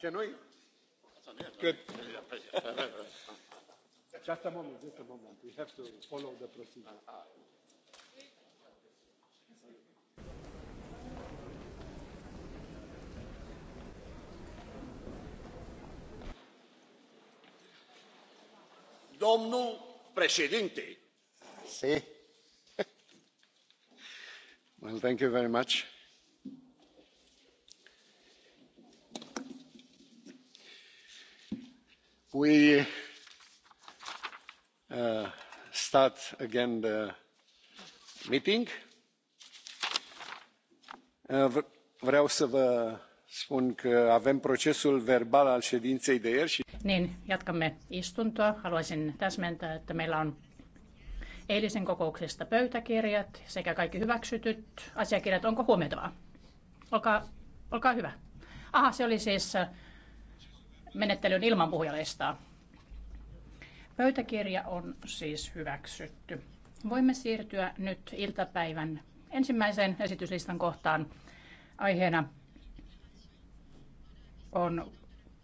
Can we? Good. just a moment, just a moment. We have to follow the procedure. Domnul președinte. Si. well, thank you very much. we uh, start again the meeting. Uh, vreau să vă spun că avem procesul verbal al ședinței de ieri și. Niin, jatkamme istuntoa. Haluaisin täsmentää, että meillä on eilisen kokouksesta pöytäkirjat sekä kaikki hyväksytyt asiakirjat. Onko huomioitavaa? Olkaa, olkaa hyvä. Aha, se oli siis menettelyn ilman puhujalistaa. Pöytäkirja on siis hyväksytty. Voimme siirtyä nyt iltapäivän ensimmäiseen esityslistan kohtaan. Aiheena on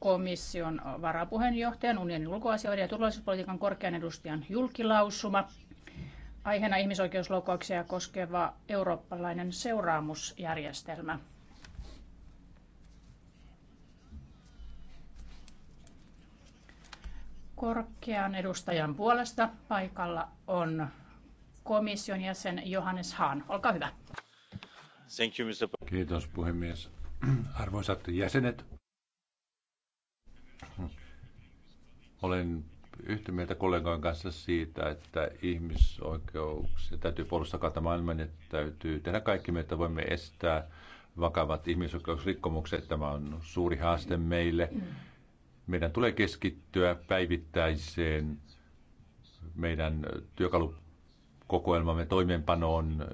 komission varapuheenjohtajan unionin ulkoasioiden ja turvallisuuspolitiikan korkean edustajan julkilausuma. Aiheena ihmisoikeusloukkauksia koskeva eurooppalainen seuraamusjärjestelmä. korkean edustajan puolesta. Paikalla on komission jäsen Johannes Hahn. Olkaa hyvä. Thank you, Mr. Kiitos puhemies. Arvoisat jäsenet, olen yhtä mieltä kollegan kanssa siitä, että ihmisoikeuksia täytyy puolustaa kautta maailman niin ja täytyy tehdä kaikki, että voimme estää vakavat ihmisoikeusrikkomukset. Tämä on suuri haaste meille. Meidän tulee keskittyä päivittäiseen meidän työkalukokoelmamme toimeenpanoon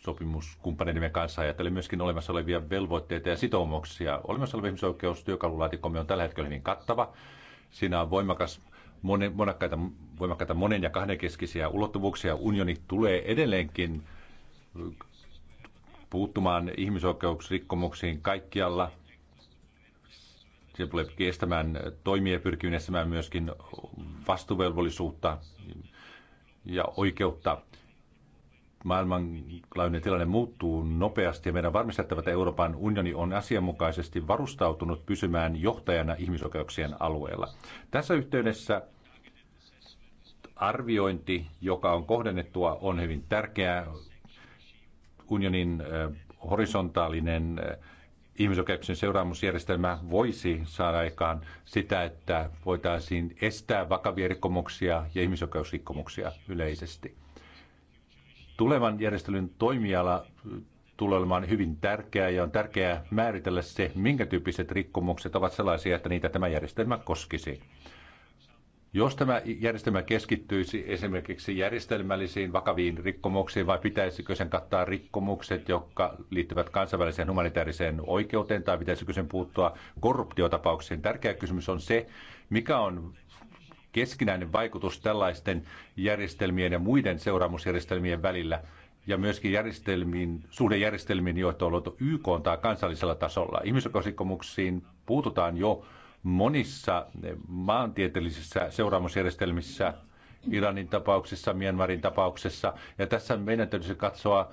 sopimuskumppaneidemme kanssa ajatellen myöskin olemassa olevia velvoitteita ja sitoumuksia. Olemassa oleva ihmisoikeustyökalulaatikkomme on tällä hetkellä hyvin kattava. Siinä on voimakas monen, monakkaita, voimakkaita monen- ja kahdenkeskisiä ulottuvuuksia. Unioni tulee edelleenkin puuttumaan ihmisoikeusrikkomuksiin kaikkialla – se tulee kestämään toimia pyrkii estämään myöskin vastuvelvollisuutta ja oikeutta. Maailmanlaajuinen tilanne muuttuu nopeasti ja meidän varmistettava, että Euroopan unioni on asianmukaisesti varustautunut pysymään johtajana ihmisoikeuksien alueella. Tässä yhteydessä arviointi, joka on kohdennettua, on hyvin tärkeää. Unionin eh, horisontaalinen eh, ihmisoikeuksien seuraamusjärjestelmä voisi saada aikaan sitä, että voitaisiin estää vakavia rikkomuksia ja ihmisoikeusrikkomuksia yleisesti. Tulevan järjestelyn toimiala tulee olemaan hyvin tärkeää ja on tärkeää määritellä se, minkä tyyppiset rikkomukset ovat sellaisia, että niitä tämä järjestelmä koskisi. Jos tämä järjestelmä keskittyisi esimerkiksi järjestelmällisiin vakaviin rikkomuksiin, vai pitäisikö sen kattaa rikkomukset, jotka liittyvät kansainväliseen humanitaariseen oikeuteen, tai pitäisikö sen puuttua korruptiotapauksiin? Tärkeä kysymys on se, mikä on keskinäinen vaikutus tällaisten järjestelmien ja muiden seuraamusjärjestelmien välillä, ja myöskin järjestelmiin, suhdejärjestelmiin, joita on luotu YK tai kansallisella tasolla. Ihmisoikeusrikkomuksiin puututaan jo monissa eh, maantieteellisissä seuraamusjärjestelmissä, Iranin tapauksessa, Myanmarin tapauksessa. Ja tässä meidän täytyisi katsoa,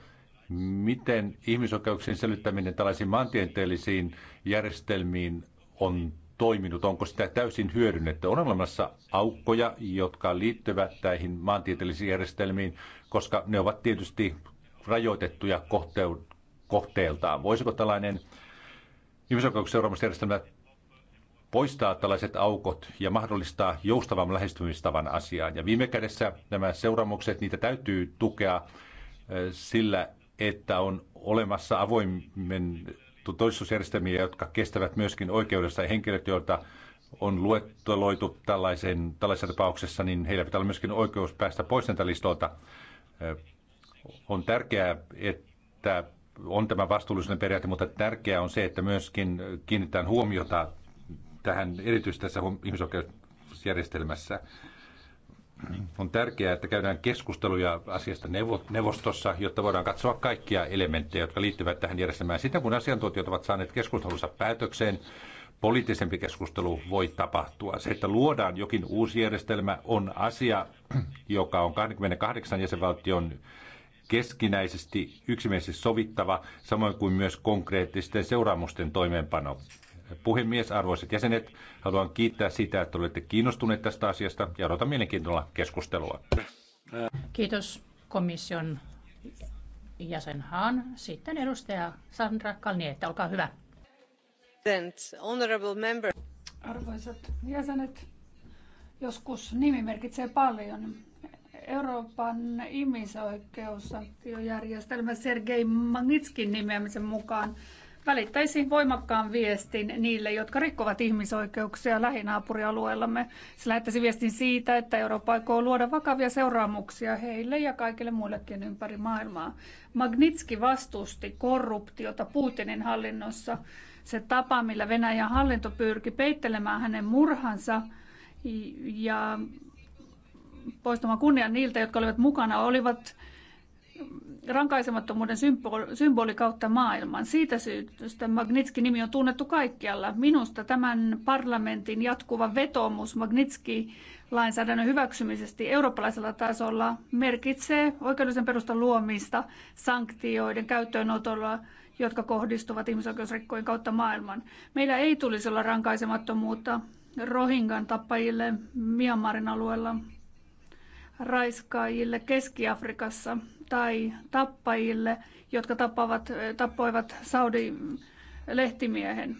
miten ihmisoikeuksien selittäminen tällaisiin maantieteellisiin järjestelmiin on toiminut, onko sitä täysin hyödynnetty. On olemassa aukkoja, jotka liittyvät näihin maantieteellisiin järjestelmiin, koska ne ovat tietysti rajoitettuja kohteeltaan. Voisiko tällainen ihmisoikeuksien seuraamusjärjestelmä poistaa tällaiset aukot ja mahdollistaa joustavan lähestymistavan asiaan. Ja viime kädessä nämä seuraamukset, niitä täytyy tukea eh, sillä, että on olemassa avoimen toistusjärjestelmiä, jotka kestävät myöskin oikeudessa ja henkilöt, joilta on luetteloitu tällaisen, tällaisessa tapauksessa, niin heillä pitää olla myöskin oikeus päästä pois näitä listolta. Eh, on tärkeää, että on tämä vastuullisuuden periaate, mutta tärkeää on se, että myöskin kiinnitetään huomiota tähän erityisesti tässä ihmisoikeusjärjestelmässä. On tärkeää, että käydään keskusteluja asiasta neuvostossa, jotta voidaan katsoa kaikkia elementtejä, jotka liittyvät tähän järjestelmään. Sitten kun asiantuntijat ovat saaneet keskustelussa päätökseen, poliittisempi keskustelu voi tapahtua. Se, että luodaan jokin uusi järjestelmä, on asia, joka on 28 jäsenvaltion keskinäisesti yksimielisesti sovittava, samoin kuin myös konkreettisten seuraamusten toimeenpano puhemies, arvoisat jäsenet. Haluan kiittää sitä, että olette kiinnostuneet tästä asiasta ja odotan mielenkiintoista keskustelua. Kiitos komission jäsen Haan. Sitten edustaja Sandra Kalnietta, olkaa hyvä. Arvoisat jäsenet, joskus nimi merkitsee paljon. Euroopan ihmisoikeusaktiojärjestelmä Sergei Magnitskin nimeämisen mukaan välittäisi voimakkaan viestin niille, jotka rikkovat ihmisoikeuksia lähinaapurialueellamme. Se lähettäisi viestin siitä, että Eurooppa aikoo luoda vakavia seuraamuksia heille ja kaikille muillekin ympäri maailmaa. Magnitski vastusti korruptiota Putinin hallinnossa. Se tapa, millä Venäjän hallinto pyrki peittelemään hänen murhansa ja poistamaan kunnian niiltä, jotka olivat mukana, olivat rankaisemattomuuden symboli, kautta maailman. Siitä syystä Magnitski-nimi on tunnettu kaikkialla. Minusta tämän parlamentin jatkuva vetomus Magnitski-lainsäädännön hyväksymisesti eurooppalaisella tasolla merkitsee oikeudellisen perustan luomista sanktioiden käyttöönotolla jotka kohdistuvat ihmisoikeusrikkojen kautta maailman. Meillä ei tulisi olla rankaisemattomuutta Rohingan tappajille Myanmarin alueella, raiskaajille Keski-Afrikassa tai tappajille, jotka tappavat, tappoivat Saudi-lehtimiehen.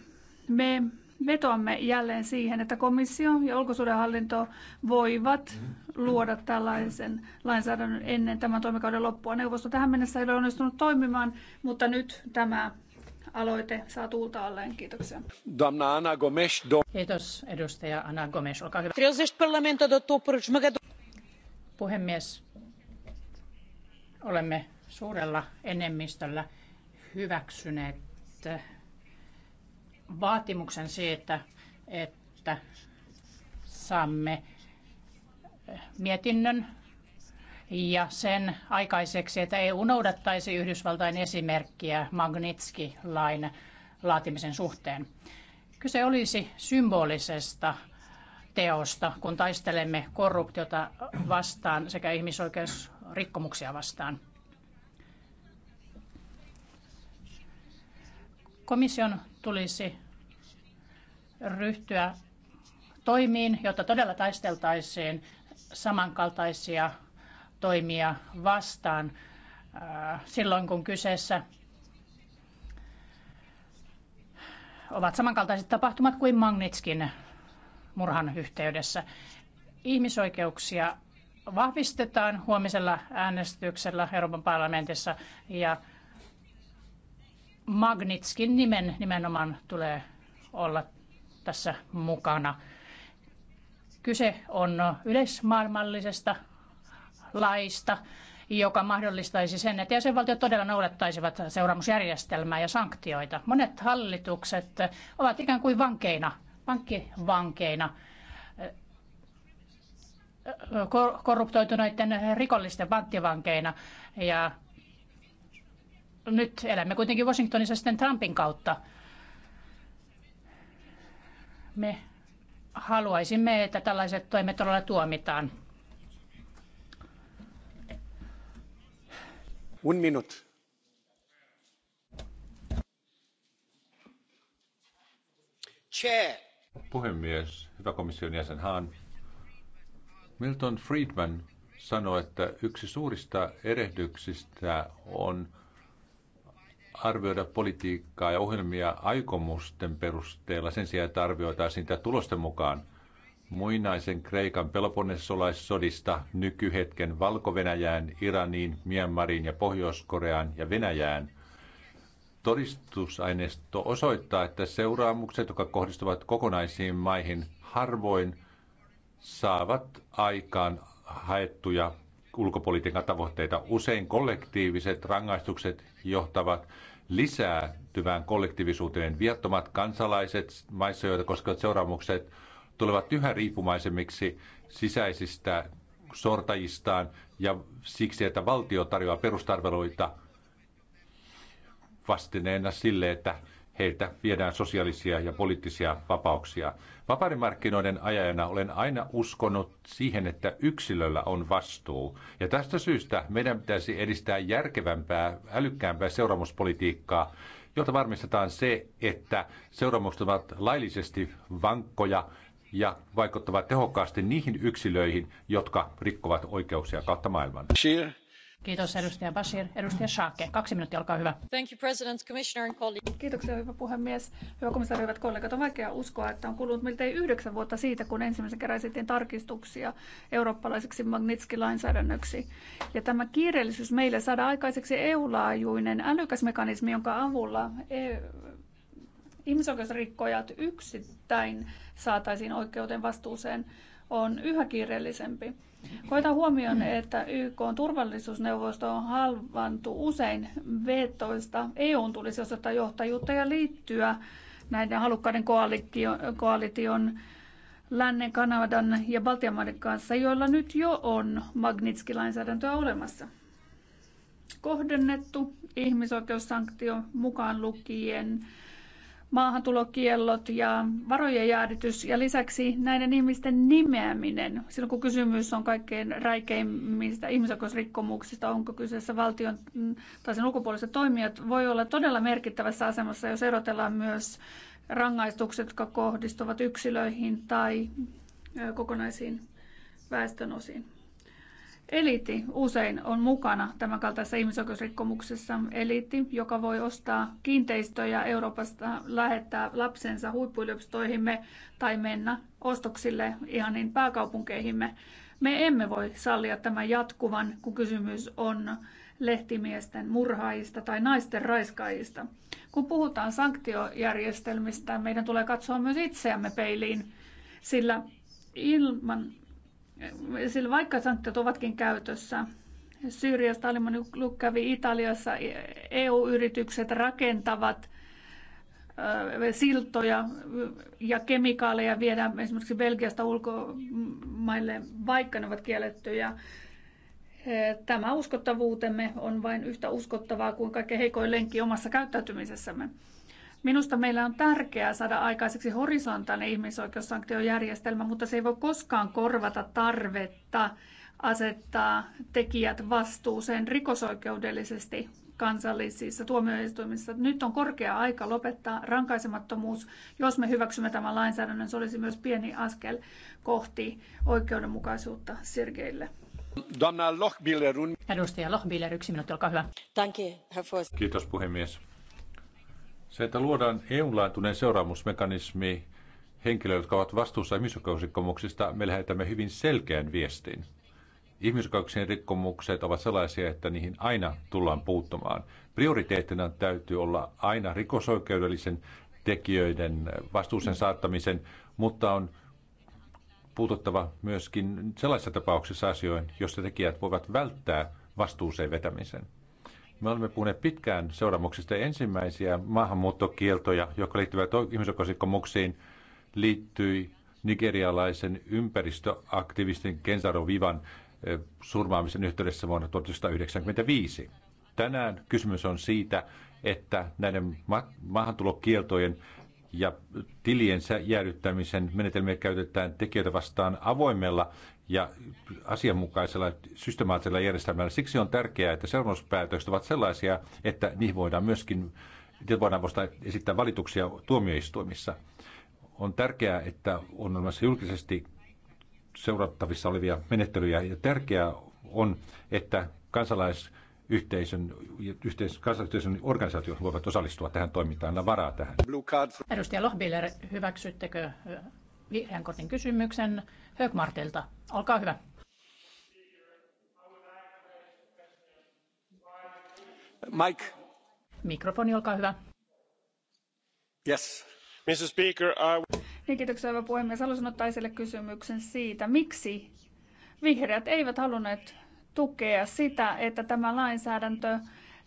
Me vetoamme jälleen siihen, että komissio ja ulkosuudenhallinto voivat luoda tällaisen lainsäädännön ennen tämän toimikauden loppua. Neuvosto tähän mennessä ei ole onnistunut toimimaan, mutta nyt tämä aloite saa tuulta alleen. Kiitoksia. Damna Ana Gomes. Do... Kiitos edustaja Ana Gomes, olkaa hyvä. Puhemies, olemme suurella enemmistöllä hyväksyneet eh, vaatimuksen siitä, että saamme eh, mietinnön ja sen aikaiseksi, että EU noudattaisi Yhdysvaltain esimerkkiä Magnitski-lain laatimisen suhteen. Kyse olisi symbolisesta teosta, kun taistelemme korruptiota vastaan sekä ihmisoikeus rikkomuksia vastaan. Komission tulisi ryhtyä toimiin, jotta todella taisteltaisiin samankaltaisia toimia vastaan silloin, kun kyseessä ovat samankaltaiset tapahtumat kuin Magnitskin murhan yhteydessä. Ihmisoikeuksia vahvistetaan huomisella äänestyksellä Euroopan parlamentissa ja Magnitskin nimen nimenomaan tulee olla tässä mukana. Kyse on yleismaailmallisesta laista, joka mahdollistaisi sen, että jäsenvaltiot todella noudattaisivat seuraamusjärjestelmää ja sanktioita. Monet hallitukset ovat ikään kuin vankeina, pankkivankeina korruptoituneiden rikollisten panttivankeina. Ja nyt elämme kuitenkin Washingtonissa sitten Trumpin kautta. Me haluaisimme, että tällaiset toimet todella tuomitaan. Un minut. Chair. Puhemies, hyvä komission jäsen Haan Milton Friedman sanoi, että yksi suurista erehdyksistä on arvioida politiikkaa ja ohjelmia aikomusten perusteella sen sijaan, että arvioitaisiin sitä tulosten mukaan. Muinaisen Kreikan peloponnesolaissodista nykyhetken Valko-Venäjään, Iraniin, Myanmariin ja Pohjois-Koreaan ja Venäjään. Todistusaineisto osoittaa, että seuraamukset, jotka kohdistuvat kokonaisiin maihin, harvoin – saavat aikaan haettuja ulkopolitiikan tavoitteita. Usein kollektiiviset rangaistukset johtavat lisääntyvään kollektiivisuuteen. Viattomat kansalaiset maissa, joita koskevat seuraamukset, tulevat yhä riippumaisemmiksi sisäisistä sortajistaan ja siksi, että valtio tarjoaa perustarveluita vastineena sille, että heiltä viedään sosiaalisia ja poliittisia vapauksia. Vaparimarkkinoiden ajajana olen aina uskonut siihen, että yksilöllä on vastuu. Ja tästä syystä meidän pitäisi edistää järkevämpää, älykkäämpää seuraamuspolitiikkaa, jota varmistetaan se, että seuraamukset ovat laillisesti vankkoja ja vaikuttavat tehokkaasti niihin yksilöihin, jotka rikkovat oikeuksia kautta maailman. Kiitos edustaja Basir, Edustaja Shake, kaksi minuuttia, olkaa hyvä. Thank you, President, Commissioner and Kiitoksia, hyvä puhemies. Hyvä komissaari, hyvät kollegat. On vaikea uskoa, että on kulunut miltei yhdeksän vuotta siitä, kun ensimmäisen kerran esitin tarkistuksia eurooppalaiseksi Magnitski-lainsäädännöksi. Ja tämä kiireellisyys meille saada aikaiseksi EU-laajuinen älykäs mekanismi, jonka avulla EU ihmisoikeusrikkojat yksittäin saataisiin oikeuden vastuuseen on yhä kiireellisempi. Koita huomioon, että YK on turvallisuusneuvosto on halvantu usein vetoista. EUn tulisi osoittaa johtajuutta ja liittyä näiden halukkaiden koalition, koalition Lännen, Kanadan ja Baltian maiden kanssa, joilla nyt jo on Magnitski-lainsäädäntöä olemassa. Kohdennettu ihmisoikeussanktio mukaan lukien maahantulokiellot ja varojen jäädytys ja lisäksi näiden ihmisten nimeäminen. Silloin kun kysymys on kaikkein räikeimmistä ihmisoikeusrikkomuksista, onko kyseessä valtion tai sen ulkopuoliset toimijat, voi olla todella merkittävässä asemassa, jos erotellaan myös rangaistukset, jotka kohdistuvat yksilöihin tai kokonaisiin väestönosiin. Eliitti usein on mukana tämän kaltaisessa ihmisoikeusrikkomuksessa. Eliitti, joka voi ostaa kiinteistöjä Euroopasta, lähettää lapsensa huippuyliopistoihimme tai mennä ostoksille ihan niin pääkaupunkeihimme. Me emme voi sallia tämän jatkuvan, kun kysymys on lehtimiesten murhaajista tai naisten raiskaajista. Kun puhutaan sanktiojärjestelmistä, meidän tulee katsoa myös itseämme peiliin, sillä ilman sillä vaikka sanktiot ovatkin käytössä, Syyriasta oli moni kävi Italiassa, EU-yritykset e rakentavat siltoja ja kemikaaleja viedään esimerkiksi Belgiasta ulkomaille, vaikka ne ovat kiellettyjä. E, tämä uskottavuutemme on vain yhtä uskottavaa kuin kaikkein heikoin lenkki omassa käyttäytymisessämme. Minusta meillä on tärkeää saada aikaiseksi horisontaalinen ihmisoikeussanktiojärjestelmä, mutta se ei voi koskaan korvata tarvetta asettaa tekijät vastuuseen rikosoikeudellisesti kansallisissa tuomioistuimissa. Nyt on korkea aika lopettaa rankaisemattomuus. Jos me hyväksymme tämän lainsäädännön, se olisi myös pieni askel kohti oikeudenmukaisuutta Sergeille. Edustaja Lochbiller, yksi minuutti, olkaa hyvä. Kiitos puhemies. Se, että luodaan EU-laatuinen seuraamusmekanismi henkilöille, jotka ovat vastuussa ihmisoikeusrikkomuksista, me lähetämme hyvin selkeän viestin. Ihmisoikeuksien rikkomukset ovat sellaisia, että niihin aina tullaan puuttumaan. Prioriteettina täytyy olla aina rikosoikeudellisen tekijöiden vastuusen saattamisen, mutta on puututtava myöskin sellaisissa tapauksissa asioihin, joissa tekijät voivat välttää vastuuseen vetämisen. Me olemme puhuneet pitkään seuraamuksista. Ensimmäisiä maahanmuuttokieltoja, jotka liittyvät ihmisoikeusrikkomuksiin, liittyi nigerialaisen ympäristöaktivistin Kenzaro Vivan eh, surmaamisen yhteydessä vuonna 1995. Tänään kysymys on siitä, että näiden ma- maahantulokieltojen ja tiliensä jäädyttämisen menetelmiä käytetään tekijöitä vastaan avoimella ja asianmukaisella systemaattisella järjestelmällä. Siksi on tärkeää, että seuraamuspäätökset ovat sellaisia, että niihin voidaan myöskin voidaan esittää valituksia tuomioistuimissa. On tärkeää, että on olemassa julkisesti seurattavissa olevia menettelyjä ja tärkeää on, että yhteisön, yhteis, kansalaisyhteisön organisaatiot voivat osallistua tähän toimintaan ja varaa tähän. Edustaja Lohbiller, hyväksyttekö vihreän kortin kysymyksen? Högmartelta. Olkaa hyvä. Mike. Mikrofoni, olkaa hyvä. Yes. Mr. Speaker, I... Niin, kiitoksia, hyvä puhemies. Haluaisin ottaa esille kysymyksen siitä, miksi vihreät eivät halunneet tukea sitä, että tämä lainsäädäntö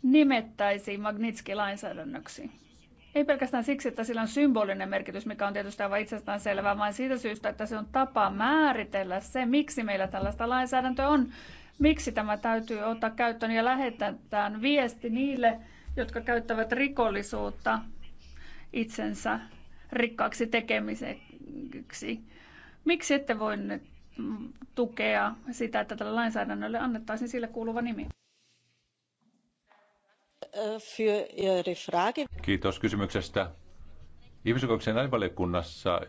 nimettäisiin Magnitski-lainsäädännöksi ei pelkästään siksi, että sillä on symbolinen merkitys, mikä on tietysti aivan itsestään selvää, vaan siitä syystä, että se on tapa määritellä se, miksi meillä tällaista lainsäädäntöä on, miksi tämä täytyy ottaa käyttöön ja tämän viesti niille, jotka käyttävät rikollisuutta itsensä rikkaaksi tekemiseksi. Miksi ette voi tukea sitä, että tällä lainsäädännölle annettaisiin sille kuuluva nimi? Äh, Kiitos kysymyksestä. Ihmisoikeuksien alivaliokunnassa,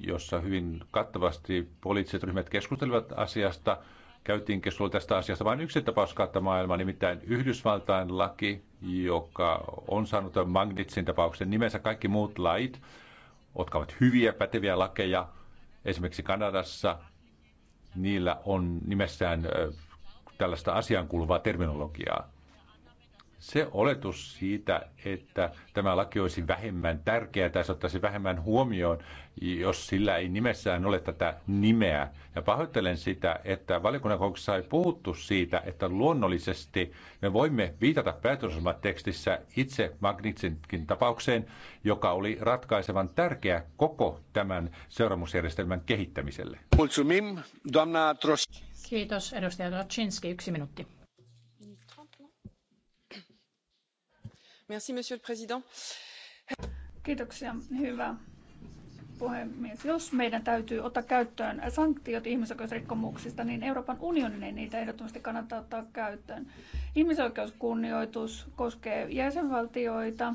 jossa hyvin kattavasti poliittiset ryhmät keskustelivat asiasta, käytiin keskustelua tästä asiasta vain yksi tapaus kautta maailmaa, nimittäin Yhdysvaltain laki, joka on saanut Magnitsin tapauksen nimensä kaikki muut lait, jotka ovat hyviä, päteviä lakeja, esimerkiksi Kanadassa, niillä on nimessään äh, tällaista kuuluvaa terminologiaa se oletus siitä, että tämä laki olisi vähemmän tärkeä tai se ottaisi vähemmän huomioon, jos sillä ei nimessään ole tätä nimeä. Ja pahoittelen sitä, että valiokunnan kokouksessa ei puhuttu siitä, että luonnollisesti me voimme viitata päätösosamatekstissä itse Magnitsinkin tapaukseen, joka oli ratkaisevan tärkeä koko tämän seuraamusjärjestelmän kehittämiselle. Kiitos, edustaja Trotsinski. Yksi minuutti. monsieur le président Kiitoksia. puhemies. Jos meidän täytyy ottaa käyttöön sanktiot ihmisoikeusrikkomuksista, niin Euroopan unionin ei niitä ehdottomasti kannata ottaa käyttöön. Ihmisoikeuskunnioitus koskee jäsenvaltioita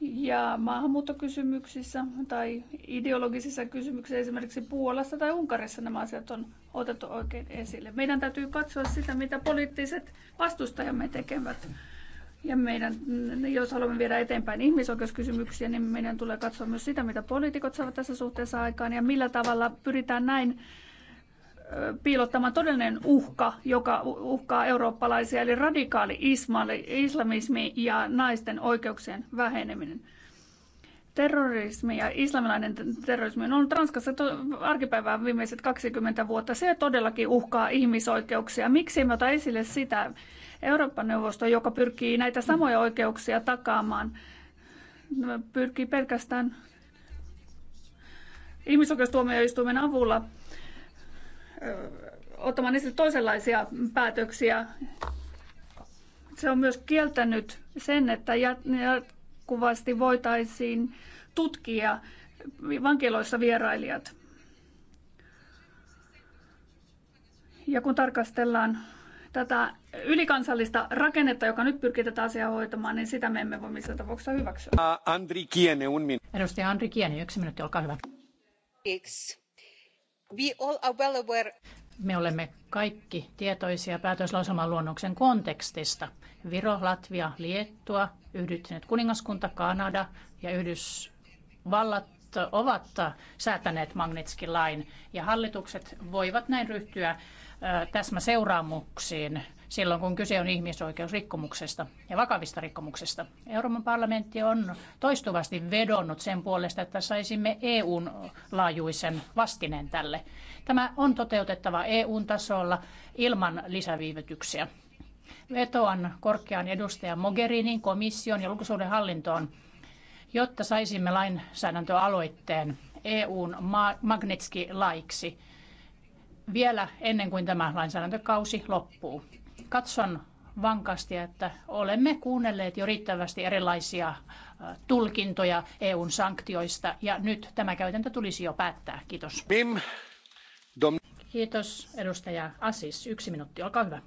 ja maahanmuuttokysymyksissä tai ideologisissa kysymyksissä esimerkiksi Puolassa tai Unkarissa nämä asiat on otettu oikein esille. Meidän täytyy katsoa sitä, mitä poliittiset vastustajamme tekevät ja meidän, jos haluamme viedä eteenpäin ihmisoikeuskysymyksiä, niin meidän tulee katsoa myös sitä, mitä poliitikot saavat tässä suhteessa aikaan ja millä tavalla pyritään näin piilottamaan todellinen uhka, joka uhkaa eurooppalaisia, eli radikaali islamismi ja naisten oikeuksien väheneminen terrorismi ja islamilainen terrorismi on ollut Ranskassa to- arkipäivää viimeiset 20 vuotta. Se todellakin uhkaa ihmisoikeuksia. Miksi emme ota esille sitä Euroopan neuvosto, joka pyrkii näitä samoja oikeuksia takaamaan, pyrkii pelkästään ihmisoikeustuomioistuimen avulla ottamaan esille toisenlaisia päätöksiä. Se on myös kieltänyt sen, että jatkuvasti voitaisiin tutkia vankiloissa vierailijat. Ja kun tarkastellaan tätä ylikansallista rakennetta, joka nyt pyrkii tätä asiaa hoitamaan, niin sitä me emme voi missään tapauksessa hyväksyä. Andri Kiene, un min. Edustaja Andri Kiene, yksi minuutti, olkaa hyvä. all are well aware. Me olemme kaikki tietoisia päätöslauselman luonnoksen kontekstista. Viro, Latvia, Liettua, Yhdistynyt kuningaskunta, Kanada ja Yhdysvallat ovat säätäneet Magnitskin lain ja hallitukset voivat näin ryhtyä täsmäseuraamuksiin silloin, kun kyse on ihmisoikeusrikkomuksesta ja vakavista rikkomuksesta. Euroopan parlamentti on toistuvasti vedonnut sen puolesta, että saisimme EUn laajuisen vastineen tälle. Tämä on toteutettava EUn tasolla ilman lisäviivytyksiä. Vetoan korkean edustajan Mogherinin, komission ja julkisuuden hallintoon, jotta saisimme lainsäädäntöaloitteen EUn Magnitski-laiksi vielä ennen kuin tämä lainsäädäntökausi loppuu. Katson vankasti, että olemme kuunnelleet jo riittävästi erilaisia tulkintoja EUn sanktioista ja nyt tämä käytäntö tulisi jo päättää. Kiitos. Bim. Dom... Kiitos edustaja Assis. Yksi minuutti, olkaa hyvä.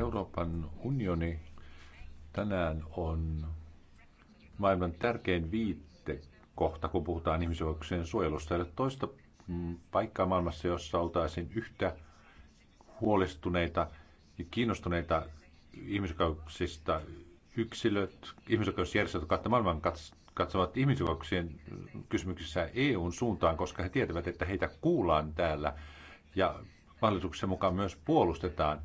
Euroopan unioni tänään on maailman tärkein viitte kohta, kun puhutaan ihmisoikeuksien suojelusta. Eli toista Mm, paikkaa maailmassa, jossa oltaisiin yhtä huolestuneita ja kiinnostuneita ihmisoikeuksista yksilöt, ihmisoikeusjärjestöt kautta maailman katsovat ihmisoikeuksien kysymyksissä EUn suuntaan, koska he tietävät, että heitä kuullaan täällä ja mahdollisuuksien mukaan myös puolustetaan.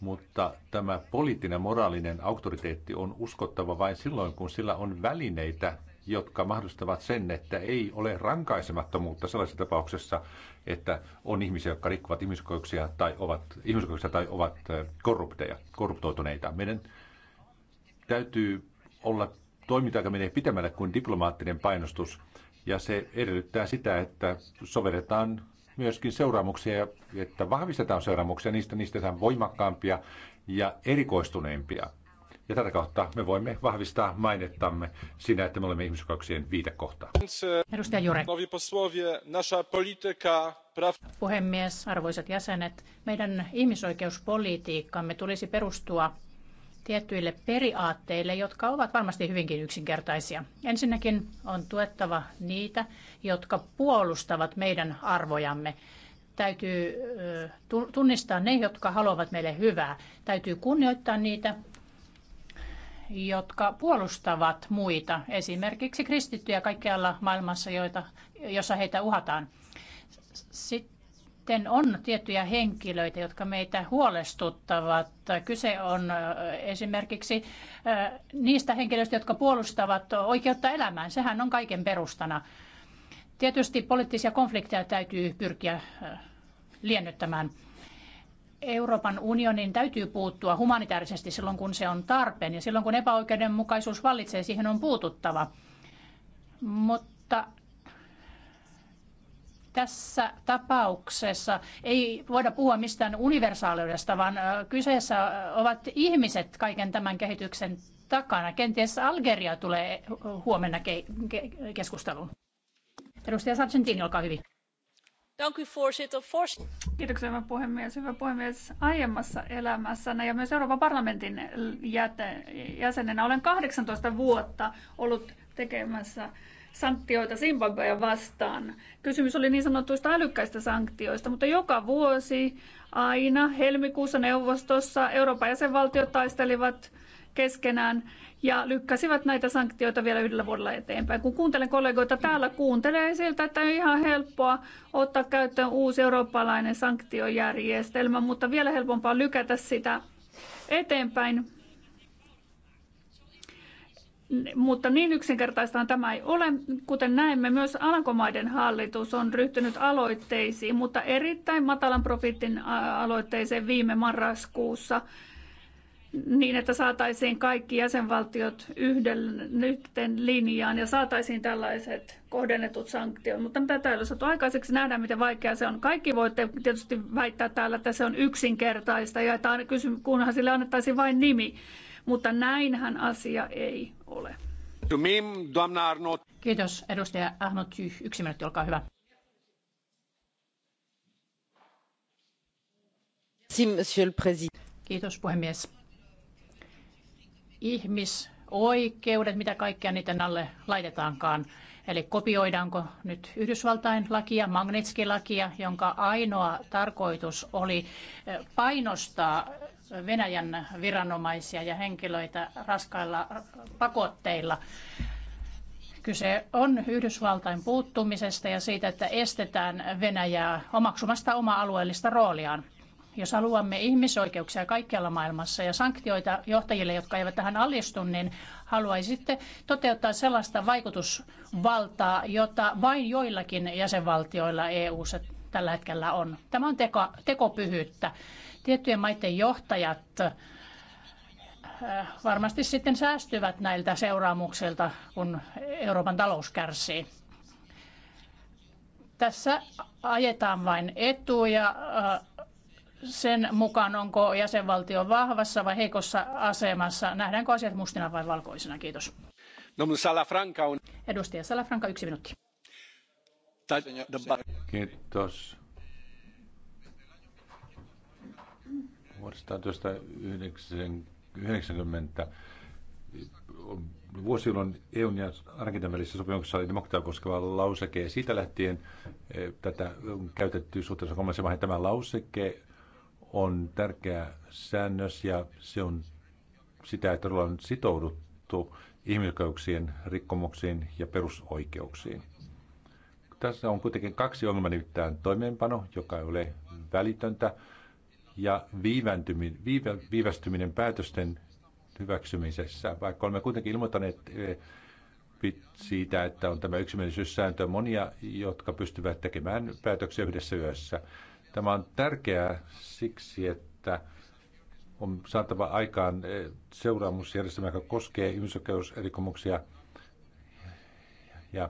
Mutta tämä poliittinen moraalinen auktoriteetti on uskottava vain silloin, kun sillä on välineitä jotka mahdollistavat sen, että ei ole rankaisemattomuutta sellaisessa tapauksessa, että on ihmisiä, jotka rikkovat ihmisoikeuksia tai ovat, ihmisoikeuksia tai ovat korrupteja, korruptoituneita. Meidän täytyy olla toiminta, joka menee pitemmälle kuin diplomaattinen painostus, ja se edellyttää sitä, että sovelletaan myöskin seuraamuksia, että vahvistetaan seuraamuksia, niistä niistä voimakkaampia ja erikoistuneempia ja tätä kautta me voimme vahvistaa mainettamme siinä, että me olemme ihmisoikeuksien viitekohta. Edustaja Puhemies, arvoisat jäsenet, meidän ihmisoikeuspolitiikkamme tulisi perustua tiettyille periaatteille, jotka ovat varmasti hyvinkin yksinkertaisia. Ensinnäkin on tuettava niitä, jotka puolustavat meidän arvojamme. Täytyy tunnistaa ne, jotka haluavat meille hyvää. Täytyy kunnioittaa niitä jotka puolustavat muita, esimerkiksi kristittyjä kaikkialla maailmassa, joita, jossa heitä uhataan. Sitten on tiettyjä henkilöitä, jotka meitä huolestuttavat. Kyse on esimerkiksi niistä henkilöistä, jotka puolustavat oikeutta elämään. Sehän on kaiken perustana. Tietysti poliittisia konflikteja täytyy pyrkiä liennyttämään. Euroopan unionin täytyy puuttua humanitaarisesti silloin, kun se on tarpeen ja silloin, kun epäoikeudenmukaisuus vallitsee, siihen on puututtava. Mutta tässä tapauksessa ei voida puhua mistään universaaliudesta, vaan kyseessä ovat ihmiset kaiken tämän kehityksen takana. Kenties Algeria tulee huomenna keskusteluun. Edustaja Sargentini, olkaa hyvin. Kiitoksia, puhemies. Hyvä puhemies, aiemmassa elämässäni ja myös Euroopan parlamentin jäsenenä olen kahdeksantoista vuotta ollut tekemässä sanktioita Zimbabwea vastaan. Kysymys oli niin sanotuista älykkäistä sanktioista, mutta joka vuosi aina helmikuussa neuvostossa Euroopan jäsenvaltiot taistelivat keskenään ja lykkäsivät näitä sanktioita vielä yhdellä vuodella eteenpäin. Kun kuuntelen kollegoita täällä, kuuntelee siltä, että on ihan helppoa ottaa käyttöön uusi eurooppalainen sanktiojärjestelmä, mutta vielä helpompaa lykätä sitä eteenpäin. Mutta niin yksinkertaistaan tämä ei ole. Kuten näemme, myös Alankomaiden hallitus on ryhtynyt aloitteisiin, mutta erittäin matalan profiittin aloitteeseen viime marraskuussa – niin, että saataisiin kaikki jäsenvaltiot yhden, yhteen linjaan ja saataisiin tällaiset kohdennetut sanktiot. Mutta mitä täällä ole saatu aikaiseksi. Nähdään, miten vaikeaa se on. Kaikki voitte tietysti väittää täällä, että se on yksinkertaista ja että kunhan sille annettaisiin vain nimi. Mutta näinhän asia ei ole. Kiitos, edustaja Arnott. Yksi minuutti, olkaa hyvä. Kiitos puhemies ihmisoikeudet, mitä kaikkea niiden alle laitetaankaan. Eli kopioidaanko nyt Yhdysvaltain lakia, Magnitskin lakia jonka ainoa tarkoitus oli eh, painostaa Venäjän viranomaisia ja henkilöitä raskailla pakotteilla. Kyse on Yhdysvaltain puuttumisesta ja siitä, että estetään Venäjää omaksumasta omaa alueellista rooliaan. Jos haluamme ihmisoikeuksia kaikkialla maailmassa ja sanktioita johtajille, jotka eivät tähän alistu, niin haluaisitte toteuttaa sellaista vaikutusvaltaa, jota vain joillakin jäsenvaltioilla EU:ssa tällä hetkellä on. Tämä on teko, tekopyhyyttä. Tiettyjen maiden johtajat äh, varmasti sitten säästyvät näiltä seuraamuksilta, kun Euroopan talous kärsii. Tässä ajetaan vain etuja äh, sen mukaan, onko jäsenvaltio vahvassa vai heikossa asemassa. Nähdäänkö asiat mustina vai valkoisina? Kiitos. No, Salafranca on... Edustaja Salafranca, yksi minuutti. Kiitos. Vuodesta 1990 vuosi, EUn ja Argentinan välisessä sopimuksessa oli demokratiaa koskeva lauseke, ja siitä lähtien eh, tätä on käytetty suhteessa kolmansien maihin. Tämä lauseke on tärkeä säännös ja se on sitä, että ollaan sitouduttu ihmisoikeuksien rikkomuksiin ja perusoikeuksiin. Tässä on kuitenkin kaksi ongelmaa, nimittäin toimeenpano, joka ei ole välitöntä, ja viivä, viivästyminen päätösten hyväksymisessä. Vaikka olemme kuitenkin ilmoittaneet eh, siitä, että on tämä yksimielisyyssääntö monia, jotka pystyvät tekemään päätöksiä yhdessä yössä. Tämä on tärkeää siksi, että on saatava aikaan eh, seuraamusjärjestelmä, joka koskee ihmisoikeusrikomuksia. Ja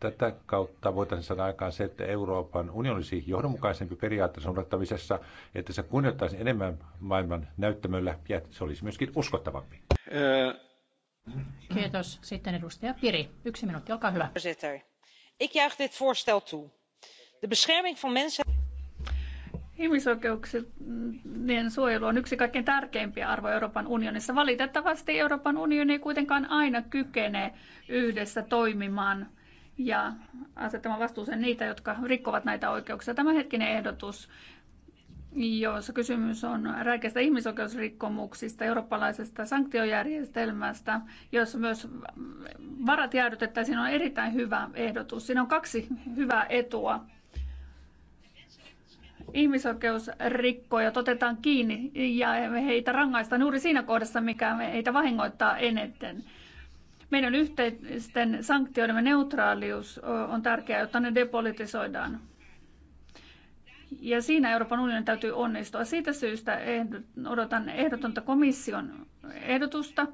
tätä kautta voitaisiin saada aikaan se, että Euroopan unioni olisi johdonmukaisempi periaatteessa noudattamisessa, että se kunnioittaisi enemmän maailman näyttämöllä ja että se olisi myöskin uskottavampi. Kiitos. Sitten edustaja Piri. Yksi minuutti, olkaa hyvä. Ik juich dit voorstel toe. De bescherming van mensen... Ihmisoikeuksien suojelu on yksi kaikkein tärkeimpiä arvoja Euroopan unionissa. Valitettavasti Euroopan unioni ei kuitenkaan aina kykene yhdessä toimimaan ja asettamaan vastuuseen niitä, jotka rikkovat näitä oikeuksia. Tämänhetkinen ehdotus, jossa kysymys on räikeistä ihmisoikeusrikkomuksista, eurooppalaisesta sanktiojärjestelmästä, jossa myös varat jäädytettäisiin, on erittäin hyvä ehdotus. Siinä on kaksi hyvää etua ihmisoikeusrikkoja otetaan kiinni ja heitä rangaistaan juuri siinä kohdassa, mikä heitä vahingoittaa eniten. Meidän yhteisten sanktioiden neutraalius on tärkeää, jotta ne depolitisoidaan. Ja siinä Euroopan unionin täytyy onnistua. Siitä syystä odotan ehdotonta komission ehdotusta,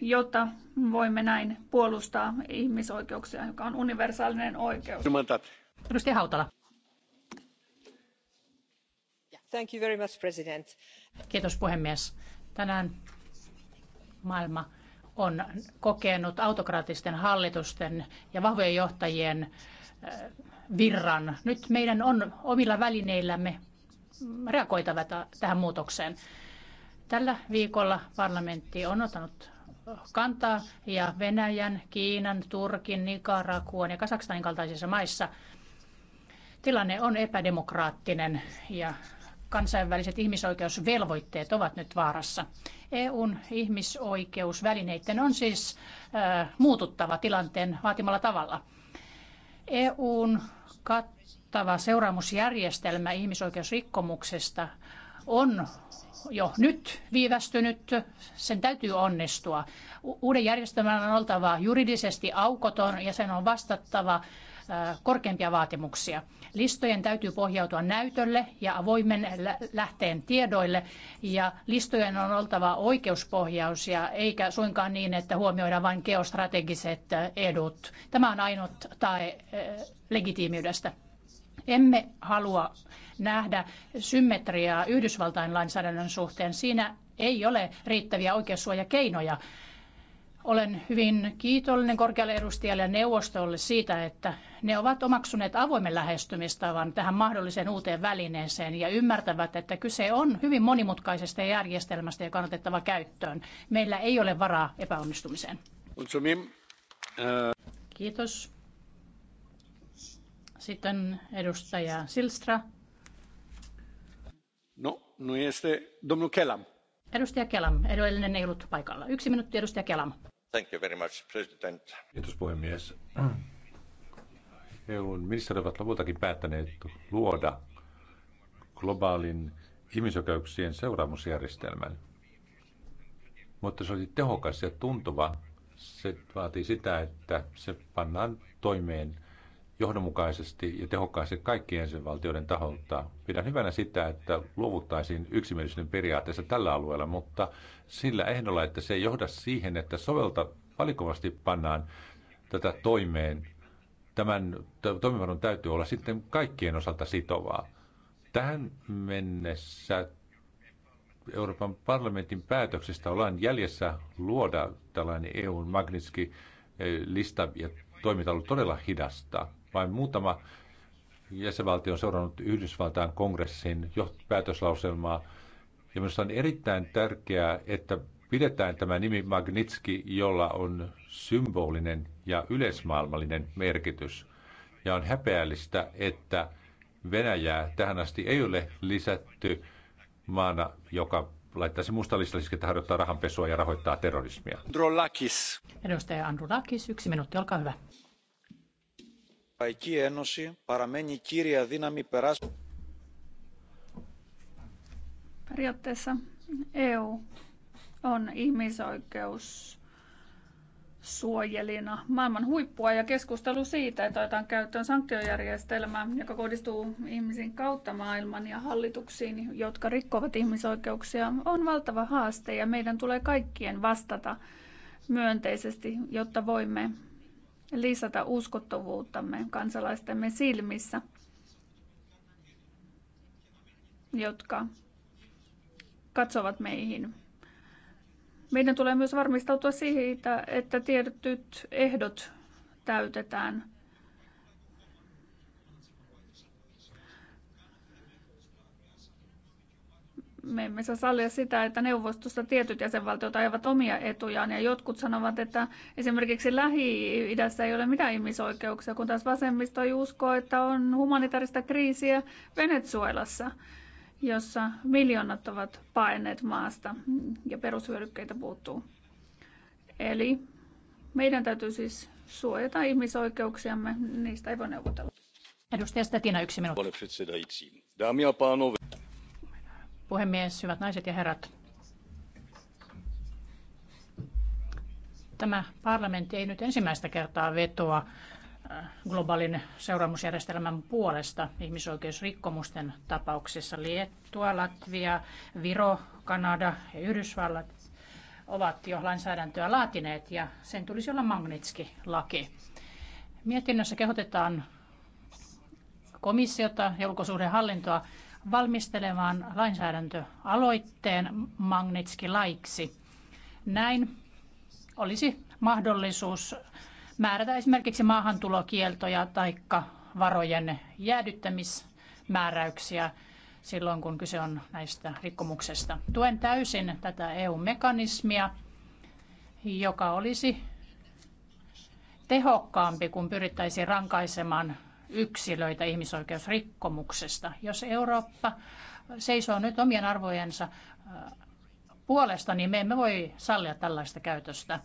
jotta voimme näin puolustaa ihmisoikeuksia, joka on universaalinen oikeus. Edustaja Hautala Kiitos puhemies. Tänään maailma on kokenut autokraattisten hallitusten ja vahvojen johtajien äh, virran. Nyt meidän on omilla välineillämme reagoitava tähän muutokseen. Tällä viikolla parlamentti on ottanut kantaa ja Venäjän, Kiinan, Turkin, Nicaraguan ja Kasakstanin kaltaisissa maissa tilanne on epädemokraattinen ja kansainväliset ihmisoikeusvelvoitteet ovat nyt vaarassa. EUn ihmisoikeusvälineiden on siis muututtava tilanteen vaatimalla tavalla. EUn kattava seuraamusjärjestelmä ihmisoikeusrikkomuksesta on jo nyt viivästynyt, sen täytyy onnistua. Uuden järjestelmän on oltava juridisesti aukoton ja sen on vastattava korkeampia vaatimuksia. Listojen täytyy pohjautua näytölle ja avoimen lähteen tiedoille ja listojen on oltava oikeuspohjaisia eikä suinkaan niin, että huomioidaan vain geostrategiset edut. Tämä on ainut tae legitiimiydestä. Emme halua nähdä symmetriaa Yhdysvaltain lainsäädännön suhteen. Siinä ei ole riittäviä oikeussuojakeinoja olen hyvin kiitollinen korkealle edustajalle ja neuvostolle siitä, että ne ovat omaksuneet avoimen lähestymistavan tähän mahdolliseen uuteen välineeseen ja ymmärtävät, että kyse on hyvin monimutkaisesta järjestelmästä, joka on otettava käyttöön. Meillä ei ole varaa epäonnistumiseen. Kiitos. Sitten edustaja Silstra. No, no este domnul Kelam. Edustaja Kelam, edellinen ei ollut paikalla. Yksi minuutti, edustaja Kelam arvoisa you very much, puhemies. EUn ministerit ovat lopultakin päättäneet luoda globaalin ihmisoikeuksien seuraamusjärjestelmän. Mutta se olisi tehokas ja tuntuva. Se vaatii sitä, että se pannaan toimeen johdonmukaisesti ja tehokkaasti kaikkien sen valtioiden taholta. Pidän hyvänä sitä, että luovuttaisiin yksimielisyyden periaatteessa tällä alueella, mutta sillä ehdolla, että se ei johda siihen, että sovelta valikovasti pannaan tätä toimeen. Tämän toimivan täytyy olla sitten kaikkien osalta sitovaa. Tähän mennessä Euroopan parlamentin päätöksestä ollaan jäljessä luoda tällainen EUn Magnitski-lista ja toiminta on ollut todella hidasta. Vain muutama jäsenvaltio on seurannut Yhdysvaltain kongressin päätöslauselmaa. Ja minusta on erittäin tärkeää, että pidetään tämä nimi Magnitski, jolla on symbolinen ja yleismaailmallinen merkitys. Ja on häpeällistä, että Venäjää tähän asti ei ole lisätty maana, joka laittaisi mustalistalle, että harjoittaa rahanpesua ja rahoittaa terrorismia. Androlakis. Edustaja Lakis, yksi minuutti, olkaa hyvä ευρωπαϊκή ένωση παραμένει κύρια δύναμη περάσπισης Periaatteessa EU on ihmisoikeus suojelina maailman huippua ja keskustelu siitä, että otetaan käyttöön sanktiojärjestelmä, joka kohdistuu ihmisiin kautta maailman ja hallituksiin, jotka rikkovat ihmisoikeuksia, on valtava haaste ja meidän tulee kaikkien vastata myönteisesti, jotta voimme lisätä uskottavuuttamme kansalaistemme silmissä, jotka katsovat meihin. Meidän tulee myös varmistautua siitä, että tietyt ehdot täytetään – me emme saa sallia sitä, että neuvostossa tietyt jäsenvaltiot ajavat omia etujaan ja jotkut sanovat, että esimerkiksi Lähi-idässä ei ole mitään ihmisoikeuksia, kun taas vasemmisto ei usko, että on humanitaarista kriisiä Venezuelassa, jossa miljoonat ovat paenneet maasta ja perushyödykkeitä puuttuu. Eli meidän täytyy siis suojata ihmisoikeuksiamme, niistä ei voi neuvotella. Edustaja Stetina, yksi minuutti puhemies, hyvät naiset ja herrat. Tämä parlamentti ei nyt ensimmäistä kertaa vetoa äh, globaalin seuraamusjärjestelmän puolesta ihmisoikeusrikkomusten tapauksessa Liettua, Latvia, Viro, Kanada ja Yhdysvallat ovat jo lainsäädäntöä laatineet ja sen tulisi olla Magnitski-laki. Mietinnössä kehotetaan komissiota ja ulkosuhdehallintoa valmistelemaan lainsäädäntöaloitteen Magnitski-laiksi. Näin olisi mahdollisuus määrätä esimerkiksi maahantulokieltoja tai varojen jäädyttämismääräyksiä silloin, kun kyse on näistä rikkomuksesta. Tuen täysin tätä EU-mekanismia, joka olisi tehokkaampi, kun pyrittäisiin rankaisemaan yksilöitä ihmisoikeusrikkomuksesta. Jos Eurooppa seisoo nyt omien arvojensa äh, puolesta, niin me emme voi sallia tällaista käytöstä.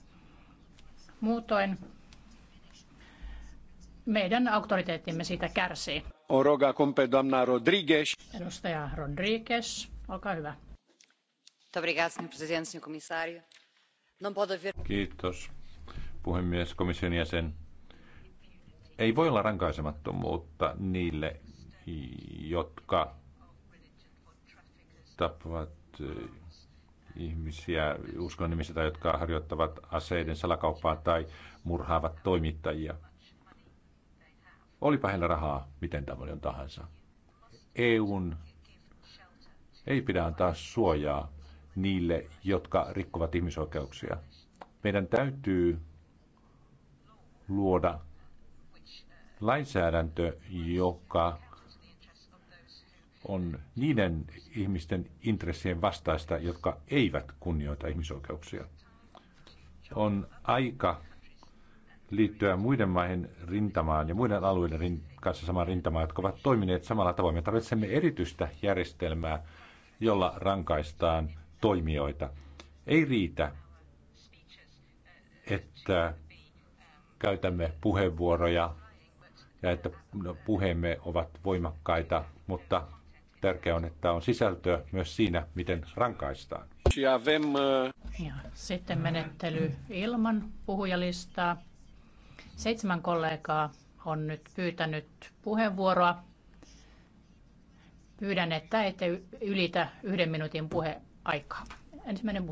Muutoin meidän auktoriteettimme siitä kärsii. Oroga compe damna Rodriguez. Edustaja Rodriguez, olkaa hyvä. Kiitos, puhemies, komission jäsen ei voi olla rankaisemattomuutta niille, jotka tapavat eh, ihmisiä uskon nimissä tai jotka harjoittavat aseiden salakauppaa tai murhaavat toimittajia. Olipa heillä rahaa miten tavoin tahansa. EUn ei pidä antaa suojaa niille, jotka rikkovat ihmisoikeuksia. Meidän täytyy luoda lainsäädäntö, joka on niiden ihmisten intressien vastaista, jotka eivät kunnioita ihmisoikeuksia. On aika liittyä muiden maiden rintamaan ja muiden alueiden kanssa samaan rintamaan, jotka ovat toimineet samalla tavoin. Me tarvitsemme erityistä järjestelmää, jolla rankaistaan toimijoita. Ei riitä, että käytämme puheenvuoroja ja että no, puheemme ovat voimakkaita, mutta tärkeää on, että on sisältöä myös siinä, miten rankaistaan. Ja sitten menettely ilman puhujalistaa. Seitsemän kollegaa on nyt pyytänyt puheenvuoroa. Pyydän, että ette ylitä yhden minuutin puheaikaa. Ensimmäinen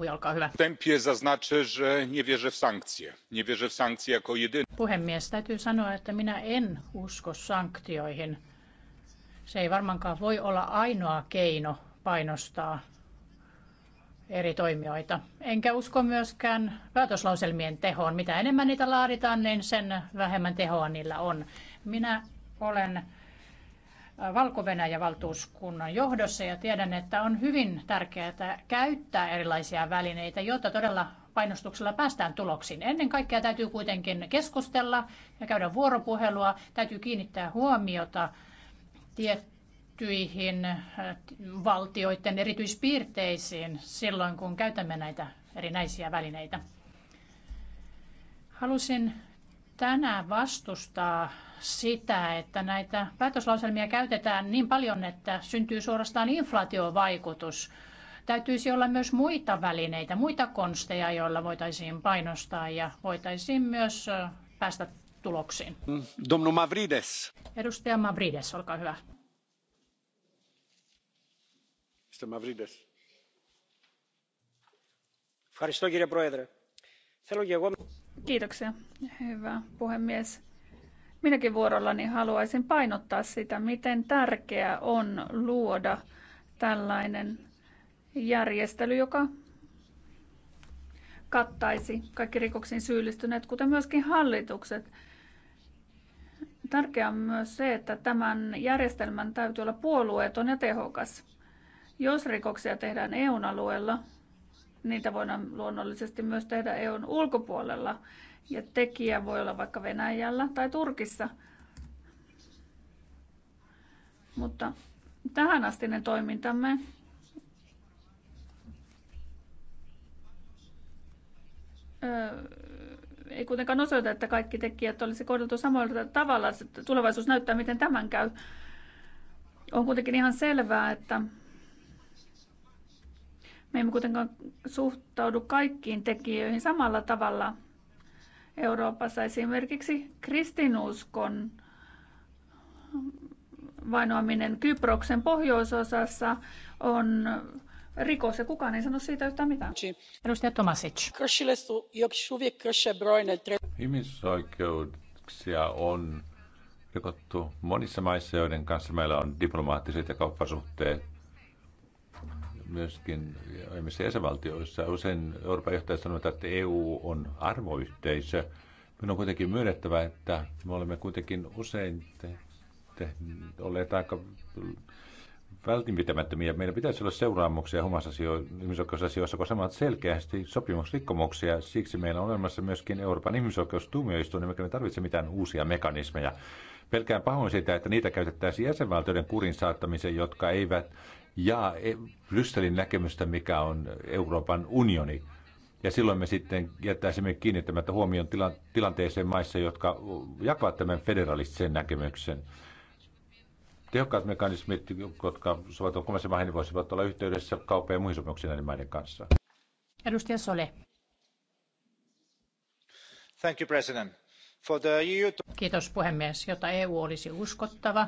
Tempie zaznaczę, że nie wierzę w sankcje. Nie wierzę w sankcje jako Puhemies, täytyy sanoa, että minä en usko sanktioihin. Se ei varmaankaan voi olla ainoa keino painostaa eri toimijoita. Enkä usko myöskään päätöslauselmien tehoon. Mitä enemmän niitä laaditaan, niin sen vähemmän tehoa niillä on. Minä olen valko valtuuskunnan johdossa ja tiedän, että on hyvin tärkeää käyttää erilaisia välineitä, jotta todella painostuksella päästään tuloksiin. Ennen kaikkea täytyy kuitenkin keskustella ja käydä vuoropuhelua, täytyy kiinnittää huomiota tiettyihin äh, valtioiden erityispiirteisiin silloin, kun käytämme näitä erinäisiä välineitä. Halusin tänään vastustaa sitä, että näitä päätöslauselmia käytetään niin paljon, että syntyy suorastaan inflaatiovaikutus. Täytyisi olla myös muita välineitä, muita konsteja, joilla voitaisiin painostaa ja voitaisiin myös päästä tuloksiin. Domnu Mavrides. Edustaja Mavrides, olkaa hyvä. Mr. Mavrides. Kiitoksia, hyvä puhemies Minäkin vuorollani haluaisin painottaa sitä, miten tärkeää on luoda tällainen järjestely, joka kattaisi kaikki rikoksiin syyllistyneet, kuten myöskin hallitukset. Tärkeää on myös se, että tämän järjestelmän täytyy olla puolueeton ja tehokas. Jos rikoksia tehdään eu alueella, niitä voidaan luonnollisesti myös tehdä EUn ulkopuolella ja tekijä voi olla vaikka Venäjällä tai Turkissa. Mutta tähän asti ne toimintamme ei kuitenkaan osoita, että kaikki tekijät olisi kohdeltu samalla tavalla. Tulevaisuus näyttää, miten tämän käy. On kuitenkin ihan selvää, että me emme kuitenkaan suhtaudu kaikkiin tekijöihin samalla tavalla – Euroopassa. Esimerkiksi kristinuskon vainoaminen Kyproksen pohjoisosassa on rikos ja kukaan ei sano siitä yhtään mitään. Edustaja Tomasic. Ihmisoikeuksia on rikottu monissa maissa, joiden kanssa meillä on diplomaattiset ja kauppasuhteet myöskin aiemmissa jäsenvaltioissa. Usein Euroopan johtajat sanovat, että EU on arvoyhteisö. Minun on kuitenkin myönnettävä, että me olemme kuitenkin usein te, te, olleet aika välttämättömiä. Meillä pitäisi olla seuraamuksia ihmisoikeusasioissa, koska samat selkeästi sopimusrikkomuksia. Siksi meillä on olemassa myöskin Euroopan ihmisoikeustuomioistuin, mikä me tarvitse mitään uusia mekanismeja. Pelkään pahoin sitä, että niitä käytettäisiin jäsenvaltioiden kurin saattamiseen, jotka eivät jaa e-, Brysselin näkemystä, mikä on Euroopan unioni. Ja silloin me sitten jättäisimme kiinnittämättä huomion tila- tilanteeseen maissa, jotka jakavat tämän federalistisen näkemyksen. Tehokkaat mekanismit, jotka soveltuvat kummassa maihin, voisivat olla yhteydessä kaupeen muihin sopimuksiin näiden maiden kanssa. Edustaja Sole. Thank you, President. For the EU... Kiitos puhemies. jota EU olisi uskottava,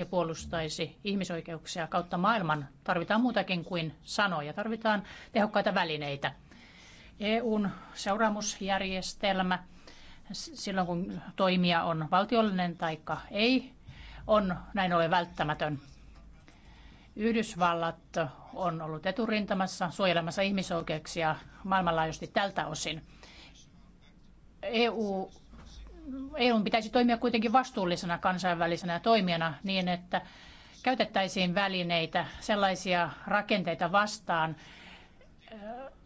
ja puolustaisi ihmisoikeuksia kautta maailman, tarvitaan muutakin kuin sanoja, tarvitaan tehokkaita välineitä. EUn seuraamusjärjestelmä, silloin kun toimija on valtiollinen tai ei, on näin ollen välttämätön. Yhdysvallat on ollut eturintamassa suojelemassa ihmisoikeuksia maailmanlaajuisesti tältä osin. EU EUn pitäisi toimia kuitenkin vastuullisena kansainvälisenä toimijana niin, että käytettäisiin välineitä sellaisia rakenteita vastaan,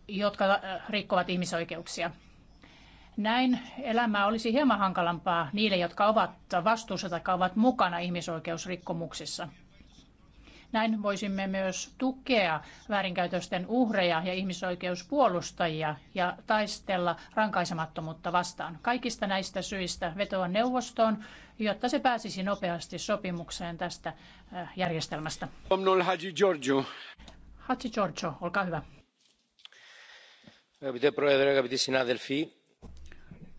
jotka rikkovat ihmisoikeuksia. Näin elämä olisi hieman hankalampaa niille, jotka ovat vastuussa tai ovat mukana ihmisoikeusrikkomuksissa. Näin voisimme myös tukea väärinkäytösten uhreja ja ihmisoikeuspuolustajia ja taistella rankaisemattomuutta vastaan. Kaikista näistä syistä vetoan neuvostoon, jotta se pääsisi nopeasti sopimukseen tästä äh, järjestelmästä. Haji Giorgio. Haji Giorgio, olkaa hyvä.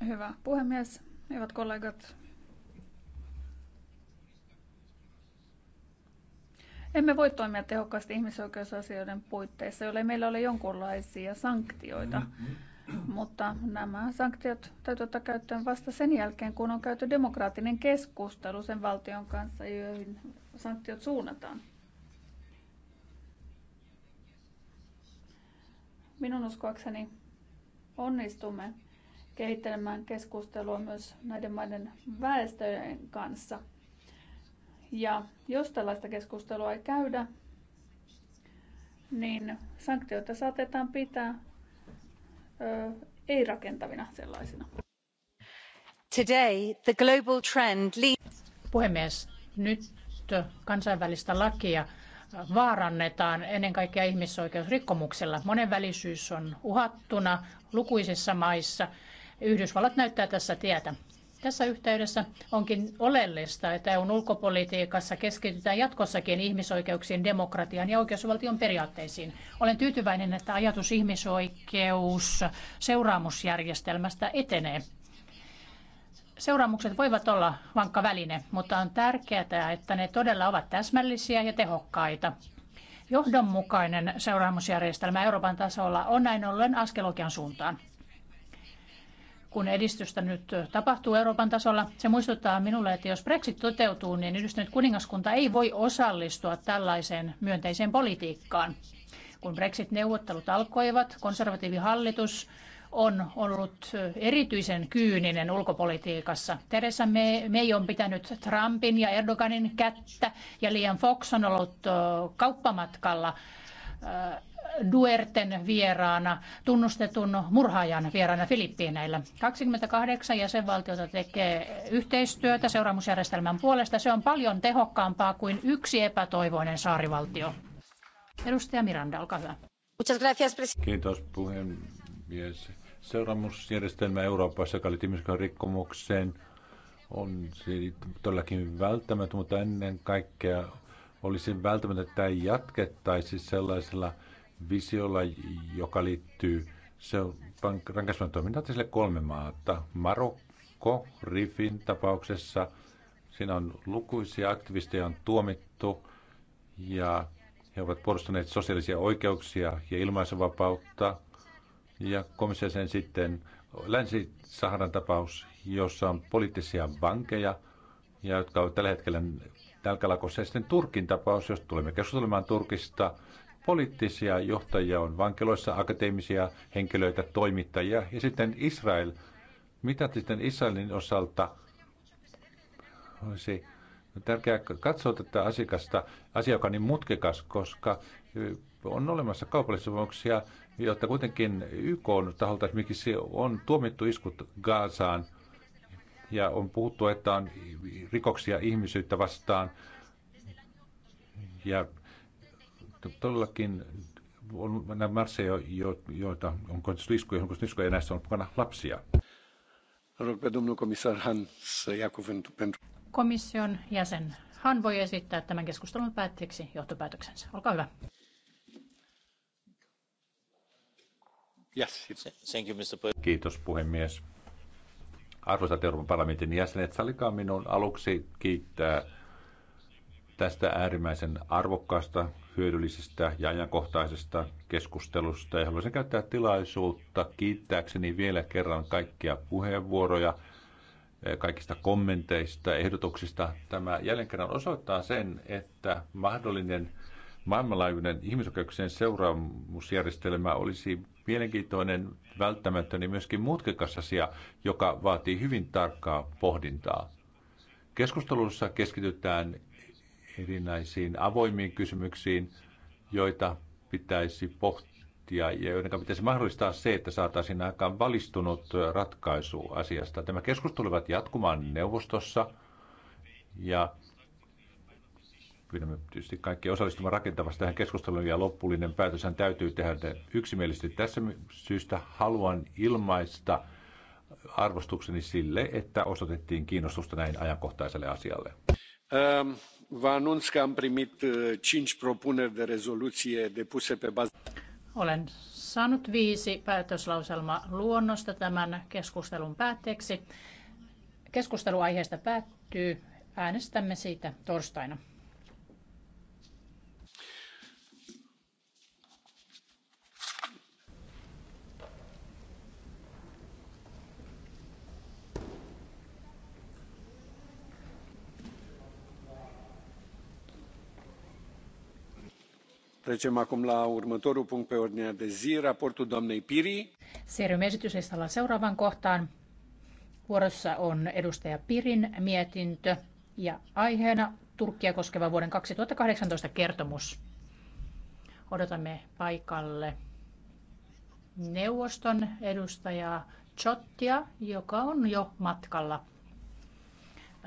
Hyvä puhemies, hyvät kollegat, Emme voi toimia tehokkaasti ihmisoikeusasioiden puitteissa, jollei meillä ole jonkunlaisia sanktioita. Mm, mm. Mutta nämä sanktiot täytyy ottaa käyttöön vasta sen jälkeen, kun on käyty demokraattinen keskustelu sen valtion kanssa, joihin sanktiot suunnataan. Minun uskoakseni onnistumme kehittelemään keskustelua myös näiden maiden väestöjen kanssa – ja jos tällaista keskustelua ei käydä, niin sanktioita saatetaan pitää ei-rakentavina sellaisina. Today, the global trend Puhemies, nyt kansainvälistä lakia vaarannetaan ennen kaikkea ihmisoikeusrikkomuksella. Monenvälisyys on uhattuna lukuisissa maissa. Yhdysvallat näyttää tässä tietä. Tässä yhteydessä onkin oleellista, että EUn ulkopolitiikassa keskitytään jatkossakin ihmisoikeuksiin, demokratiaan ja oikeusvaltion periaatteisiin. Olen tyytyväinen, että ajatus ihmisoikeus seuraamusjärjestelmästä etenee. Seuraamukset voivat olla vankka väline, mutta on tärkeää, että ne todella ovat täsmällisiä ja tehokkaita. Johdonmukainen seuraamusjärjestelmä Euroopan tasolla on näin ollen askel oikean suuntaan kun edistystä nyt tapahtuu Euroopan tasolla. Se muistuttaa minulle, että jos Brexit toteutuu, niin yhdistynyt kuningaskunta ei voi osallistua tällaiseen myönteiseen politiikkaan. Kun Brexit-neuvottelut alkoivat, konservatiivihallitus on ollut erityisen kyyninen ulkopolitiikassa. Teresa May on pitänyt Trumpin ja Erdoganin kättä ja Liam Fox on ollut kauppamatkalla Duerten vieraana, tunnustetun murhaajan vieraana Filippiineillä. 28 jäsenvaltiota tekee yhteistyötä seuraamusjärjestelmän puolesta. Se on paljon tehokkaampaa kuin yksi epätoivoinen saarivaltio. Edustaja Miranda, olkaa hyvä. Kiitos puhemies. Seuraamusjärjestelmä Euroopassa, kalitimiskan rikkomukseen, on siis todellakin välttämätön, mutta ennen kaikkea olisi välttämättä, että jatkettaisiin sellaisella visiolla, joka liittyy se rankaisevan toimintaan sille kolme maata. Marokko, Rifin tapauksessa, siinä on lukuisia aktivisteja on tuomittu ja he ovat puolustaneet sosiaalisia oikeuksia ja ilmaisuvapautta. Ja komissio sen sitten Länsi-Saharan tapaus, jossa on poliittisia vankeja, ja jotka ovat tällä hetkellä Nälkällä koskee sitten Turkin tapaus, jos tulemme keskustelemaan Turkista. Poliittisia johtajia on vankiloissa, akateemisia henkilöitä, toimittajia. Ja sitten Israel. Mitä sitten Israelin osalta olisi tärkeää katsoa tätä asiakasta, asia, joka on niin mutkikas, koska on olemassa kaupallisia jotta kuitenkin YK on taholta esimerkiksi on tuomittu iskut Gaasaan ja on puhuttu, että on rikoksia ihmisyyttä vastaan. Ja todellakin on nämä marsseja, joita on kohdistettu iskuja, on kohdistettu iskuja ja näissä on mukana lapsia. Komission jäsen Han voi esittää tämän keskustelun päätteeksi johtopäätöksensä. Olkaa hyvä. Yes, Kiitos puhemies. Arvoisat Euroopan parlamentin jäsenet, salikaa minun aluksi kiittää tästä äärimmäisen arvokkaasta, hyödyllisestä ja ajankohtaisesta keskustelusta. Ja haluaisin käyttää tilaisuutta kiittääkseni vielä kerran kaikkia puheenvuoroja, eh, kaikista kommenteista ehdotuksista. Tämä jälleen kerran osoittaa sen, että mahdollinen maailmanlaajuinen ihmisoikeuksien seuraamusjärjestelmä olisi mielenkiintoinen välttämätön ja myöskin mutkikas asia, joka vaatii hyvin tarkkaa pohdintaa. Keskustelussa keskitytään erinäisiin avoimiin kysymyksiin, joita pitäisi pohtia ja joiden pitäisi mahdollistaa se, että saataisiin aikaan valistunut ratkaisu asiasta. Tämä keskustelu jatkumaan neuvostossa ja Pyydämme tietysti kaikki osallistumaan rakentavasti tähän keskusteluun ja loppullinen päätöshän täytyy tehdä yksimielisesti. Tässä syystä haluan ilmaista arvostukseni sille, että osoitettiin kiinnostusta näin ajankohtaiselle asialle. Ehm, vă anunț că am primit eh, cinci propuneri de rezoluție depuse pe bază. Olen saanut viisi päätöslauselma luonnosta tämän keskustelun päätteeksi. Keskustelu aiheesta päättyy. Äänestämme siitä torstaina. Trecem acum la seuraavaan kohtaan. Vuorossa on edustaja Pirin mietintö ja aiheena Turkkia koskeva vuoden 2018 kertomus. Odotamme paikalle neuvoston edustajaa Chottia, joka on jo matkalla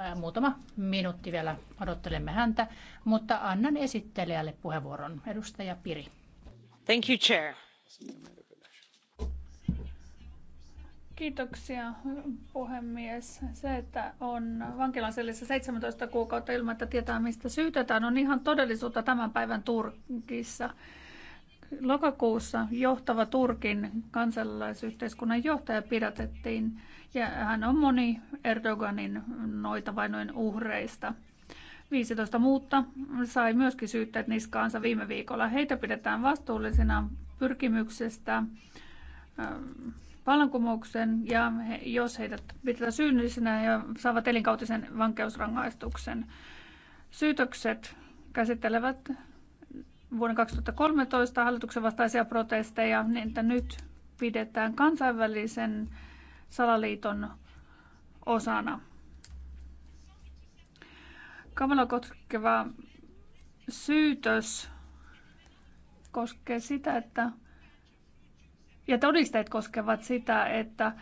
Äh, muutama minuutti vielä odottelemme häntä, mutta annan esittelijälle puheenvuoron. Edustaja Piri. Thank you, Chair. Kiitoksia puhemies. Se, että on vankilasellissä 17 kuukautta ilman, että tietää mistä syytetään, on ihan todellisuutta tämän päivän Turkissa. Lokakuussa johtava Turkin kansalaisyhteiskunnan johtaja pidätettiin ja hän on moni Erdoganin noita vainojen uhreista. 15 muutta sai myöskin syytteet niskaansa viime viikolla. Heitä pidetään vastuullisena pyrkimyksestä vallankumouksen ja he, jos heidät pidetään syyllisinä, ja saavat elinkautisen vankeusrangaistuksen. Syytökset käsittelevät vuonna 2013 hallituksen vastaisia protesteja, niin että nyt pidetään kansainvälisen salaliiton osana. Kavala koskeva syytös koskee sitä, että ja todisteet koskevat sitä, että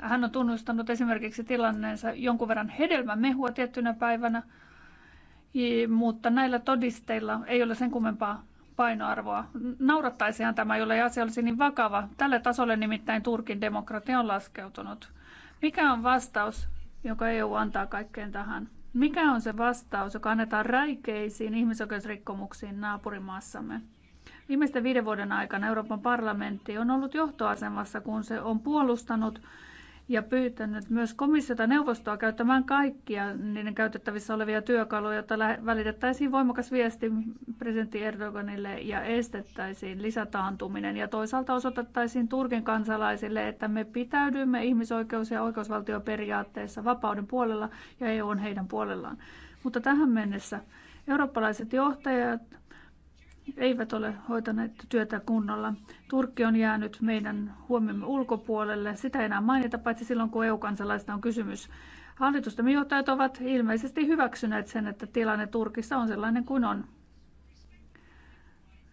hän on tunnustanut esimerkiksi tilanneensa jonkun verran hedelmämehua tiettynä päivänä, mutta näillä todisteilla ei ole sen kummempaa painoarvoa. Naurattaisihan tämä, jollei asia olisi niin vakava. Tälle tasolle nimittäin Turkin demokratia on laskeutunut. Mikä on vastaus, joka EU antaa kaikkeen tähän? Mikä on se vastaus, joka annetaan räikeisiin ihmisoikeusrikkomuksiin naapurimaassamme? Viimeisten viiden vuoden aikana Euroopan parlamentti on ollut johtoasemassa, kun se on puolustanut ja pyytänyt myös komissiota neuvostoa käyttämään kaikkia niiden käytettävissä olevia työkaluja, jotta välitettäisiin voimakas viesti presidentti Erdoganille ja estettäisiin lisätaantuminen. Ja toisaalta osoitettaisiin Turkin kansalaisille, että me pitäydymme ihmisoikeus- ja oikeusvaltioperiaatteessa vapauden puolella ja EU on heidän puolellaan. Mutta tähän mennessä eurooppalaiset johtajat eivät ole hoitaneet työtä kunnolla. Turkki on jäänyt meidän huomiomme ulkopuolelle. Sitä ei enää mainita, paitsi silloin kun EU-kansalaista on kysymys. Hallitusten johtajat ovat ilmeisesti hyväksyneet sen, että tilanne Turkissa on sellainen kuin on.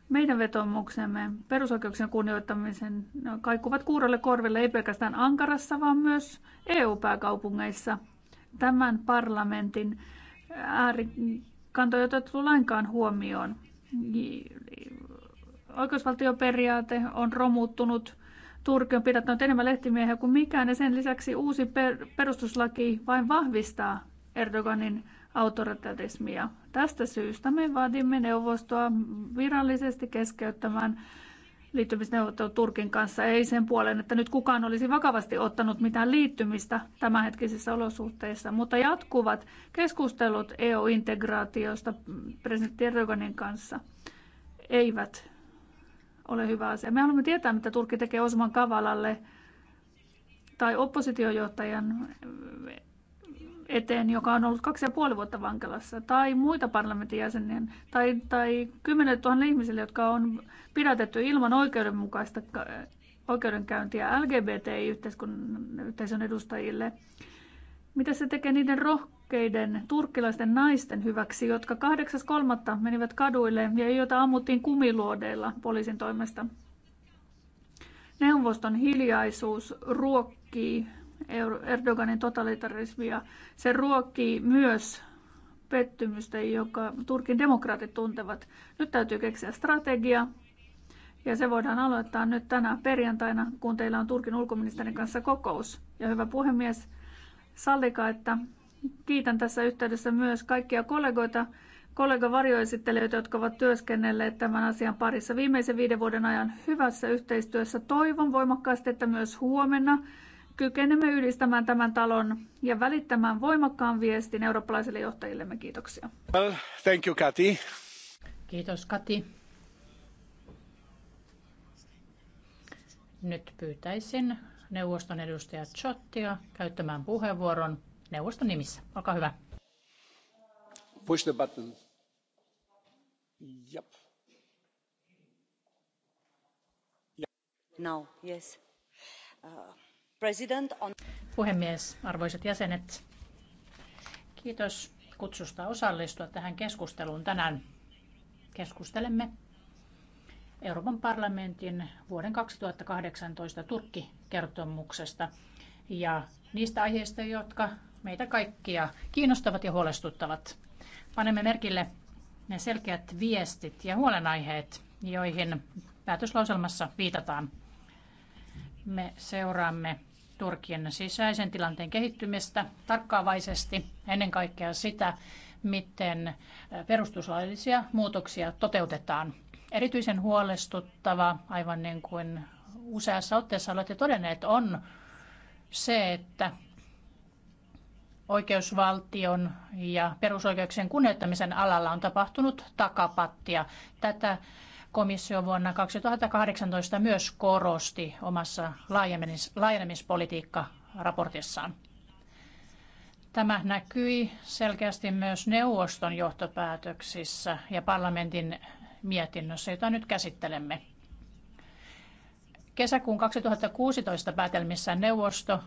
Meidän vetomuksemme perusoikeuksien kunnioittamisen kaikuvat kuurolle korville ei pelkästään Ankarassa, vaan myös EU-pääkaupungeissa. Tämän parlamentin äärikantoja ei otettu lainkaan huomioon oikeusvaltioperiaate on romuttunut. Turkki on pidättänyt enemmän lehtimiehiä kuin mikään ja sen lisäksi uusi per- perustuslaki vain vahvistaa Erdoganin autoritarismia. Tästä syystä me vaadimme neuvostoa virallisesti keskeyttämään liittymisneuvottelut Turkin kanssa, ei sen puolen, että nyt kukaan olisi vakavasti ottanut mitään liittymistä tämänhetkisissä olosuhteissa, mutta jatkuvat keskustelut EU-integraatiosta presidentti Erdoganin kanssa eivät ole hyvä asia. Me haluamme tietää, mitä Turkki tekee Osman Kavalalle tai oppositiojohtajan eteen, joka on ollut kaksi ja puoli vuotta vankilassa, tai muita parlamentin jäseniä, tai, tai kymmenet tuhannen ihmisille, jotka on pidätetty ilman oikeudenmukaista oikeudenkäyntiä lgbt yhteisön edustajille. Mitä se tekee niiden rohkeiden turkkilaisten naisten hyväksi, jotka 8.3. menivät kaduille ja joita ammuttiin kumiluodeilla poliisin toimesta? Neuvoston hiljaisuus ruokkii Erdoganin totalitarismia. Se ruokkii myös pettymystä, joka Turkin demokraatit tuntevat. Nyt täytyy keksiä strategia, ja se voidaan aloittaa nyt tänä perjantaina, kun teillä on Turkin ulkoministerin kanssa kokous. Ja hyvä puhemies, sallika, että kiitän tässä yhteydessä myös kaikkia kollegoita, kollegavarjoesittelijöitä, jotka ovat työskennelleet tämän asian parissa viimeisen viiden vuoden ajan hyvässä yhteistyössä. Toivon voimakkaasti, että myös huomenna kykenemme ylistämään tämän talon ja välittämään voimakkaan viestin eurooppalaisille johtajillemme. Kiitoksia. Well, thank you, Kati. Kiitos, Kati. Nyt pyytäisin neuvoston edustaja Chottia käyttämään puheenvuoron neuvoston nimissä. Olkaa hyvä. Push the button. Yep. Yep. Now, yes. Uh Puhemies, arvoisat jäsenet, kiitos kutsusta osallistua tähän keskusteluun tänään. Keskustelemme Euroopan parlamentin vuoden 2018 Turkki-kertomuksesta ja niistä aiheista, jotka meitä kaikkia kiinnostavat ja huolestuttavat. Panemme merkille ne selkeät viestit ja huolenaiheet, joihin päätöslauselmassa viitataan. Me seuraamme Turkin sisäisen tilanteen kehittymistä tarkkaavaisesti, ennen kaikkea sitä, miten perustuslaillisia muutoksia toteutetaan. Erityisen huolestuttava, aivan niin kuin useassa otteessa olette todenneet, on se, että oikeusvaltion ja perusoikeuksien kunnioittamisen alalla on tapahtunut takapattia. Tätä komissio vuonna 2018 myös korosti omassa laajenemispolitiikka-raportissaan. Tämä näkyi selkeästi myös neuvoston johtopäätöksissä ja parlamentin mietinnössä, jota nyt käsittelemme. Kesäkuun 2016 päätelmissä neuvosto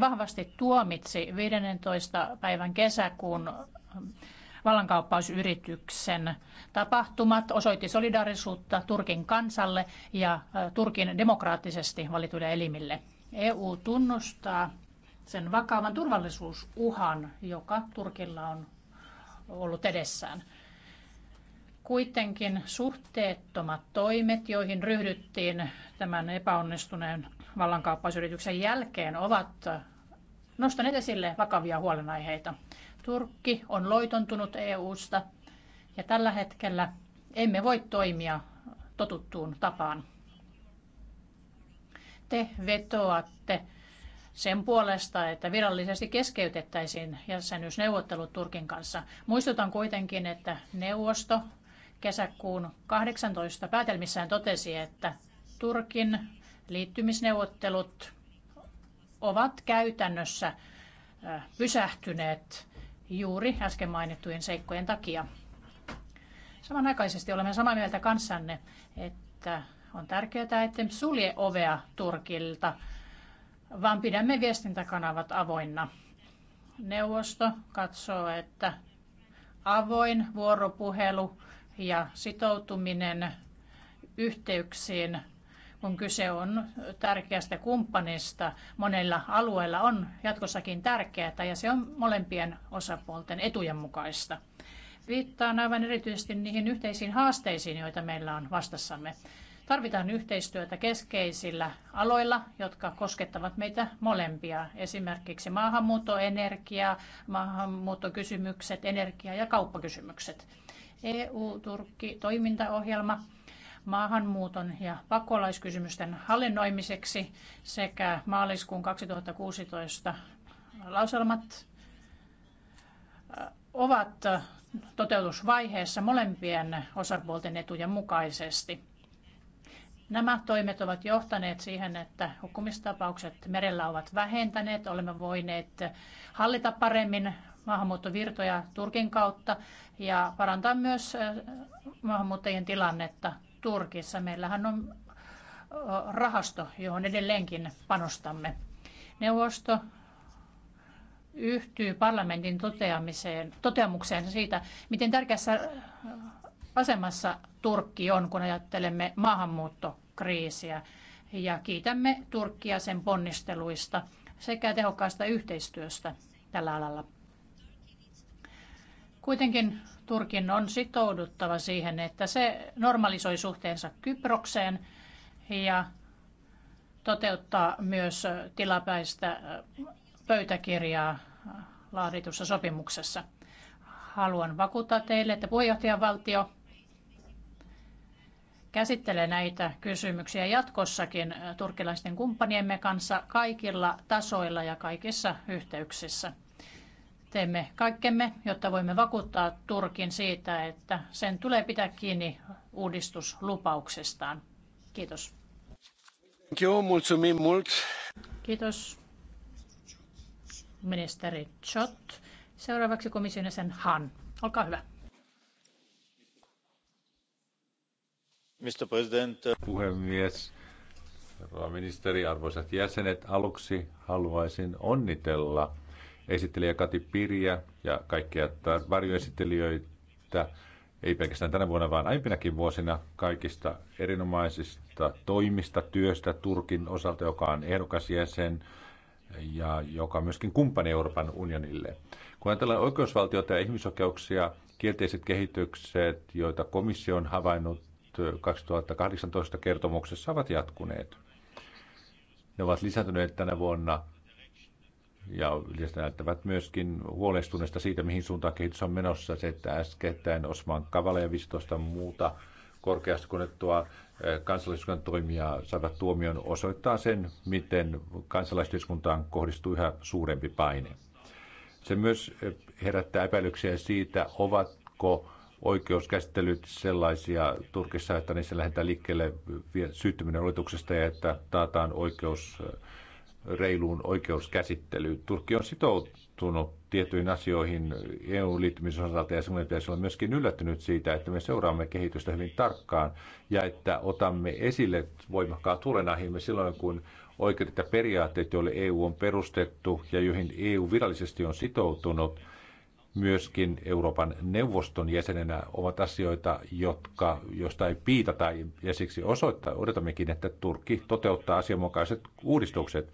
vahvasti tuomitsi 15. päivän kesäkuun vallankaappausyrityksen tapahtumat osoitti solidaarisuutta Turkin kansalle ja Turkin demokraattisesti valituille elimille. EU tunnustaa sen vakavan turvallisuusuhan, joka Turkilla on ollut edessään. Kuitenkin suhteettomat toimet, joihin ryhdyttiin tämän epäonnistuneen vallankaappausyrityksen jälkeen, ovat nostaneet esille vakavia huolenaiheita. Turkki on loitontunut EU-sta ja tällä hetkellä emme voi toimia totuttuun tapaan. Te vetoatte sen puolesta, että virallisesti keskeytettäisiin jäsenyysneuvottelut Turkin kanssa. Muistutan kuitenkin, että neuvosto kesäkuun 18 päätelmissään totesi, että Turkin liittymisneuvottelut ovat käytännössä pysähtyneet juuri äsken mainittujen seikkojen takia. Samanaikaisesti olemme samaa mieltä kanssanne, että on tärkeää, etten sulje ovea Turkilta, vaan pidämme viestintäkanavat avoinna. Neuvosto katsoo, että avoin vuoropuhelu ja sitoutuminen yhteyksiin kun kyse on tärkeästä kumppanista. Monella alueella on jatkossakin tärkeää ja se on molempien osapuolten etujen mukaista. Viittaan aivan erityisesti niihin yhteisiin haasteisiin, joita meillä on vastassamme. Tarvitaan yhteistyötä keskeisillä aloilla, jotka koskettavat meitä molempia, esimerkiksi maahanmuutto, energia, maahanmuuttokysymykset, energia- ja kauppakysymykset. EU-Turkki-toimintaohjelma maahanmuuton ja pakolaiskysymysten hallinnoimiseksi sekä maaliskuun 2016 lauselmat äh, ovat äh, toteutusvaiheessa molempien osapuolten etujen mukaisesti. Nämä toimet ovat johtaneet siihen, että hukkumistapaukset merellä ovat vähentäneet. Olemme voineet hallita paremmin maahanmuuttovirtoja Turkin kautta ja parantaa myös äh, maahanmuuttajien tilannetta Turkissa. Meillähän on rahasto, johon edelleenkin panostamme. Neuvosto yhtyy parlamentin toteamiseen, toteamukseen siitä, miten tärkeässä asemassa Turkki on, kun ajattelemme maahanmuuttokriisiä. Ja kiitämme Turkkia sen ponnisteluista sekä tehokkaasta yhteistyöstä tällä alalla. Kuitenkin Turkin on sitouduttava siihen, että se normalisoi suhteensa Kyprokseen ja toteuttaa myös tilapäistä pöytäkirjaa laaditussa sopimuksessa. Haluan vakuuttaa teille, että puheenjohtajavaltio käsittelee näitä kysymyksiä jatkossakin turkilaisten kumppaniemme kanssa kaikilla tasoilla ja kaikissa yhteyksissä. Teemme kaikkemme, jotta voimme vakuuttaa Turkin siitä, että sen tulee pitää kiinni uudistuslupauksestaan. Kiitos. Kiitos. Ministeri Chot. Seuraavaksi komission jäsen Han. Olkaa hyvä. Mr. President. Uh, Puhemies, rouva ministeri, arvoisat jäsenet, aluksi haluaisin onnitella esittelijä Kati Pirja ja kaikkia varjoesittelijöitä, ei pelkästään tänä vuonna, vaan aiempinakin vuosina kaikista erinomaisista toimista, työstä Turkin osalta, joka on ehdokas jäsen ja joka on myöskin kumppani Euroopan unionille. Kun ajatellaan oikeusvaltiota ja ihmisoikeuksia, kielteiset kehitykset, joita komissio on havainnut 2018 kertomuksessa, ovat jatkuneet. Ne ovat lisääntyneet tänä vuonna ja näyttävät myöskin huolestuneesta siitä, mihin suuntaan kehitys on menossa. Se, että äskettäin Osman Kavala ja 15 muuta korkeasti kunnettua eh, kansalaisuuden toimijaa saivat tuomion osoittaa sen, miten kansalaisyhteiskuntaan kohdistuu yhä suurempi paine. Se myös eh, herättää epäilyksiä siitä, ovatko oikeuskäsittelyt sellaisia Turkissa, että niissä lähdetään liikkeelle syyttyminen oletuksesta ja että taataan oikeus eh, reiluun oikeuskäsittelyyn. Turkki on sitoutunut tiettyihin asioihin EU-liittymisen osalta ja semmoinen pitäisi olla myöskin yllättynyt siitä, että me seuraamme kehitystä hyvin tarkkaan ja että otamme esille voimakkaan tulenahimme silloin, kun oikeudet ja periaatteet, joille EU on perustettu ja joihin EU virallisesti on sitoutunut – myöskin Euroopan neuvoston jäsenenä ovat asioita, jotka, josta ei piitata ja siksi osoittaa, odotammekin, että Turkki toteuttaa asianmukaiset uudistukset.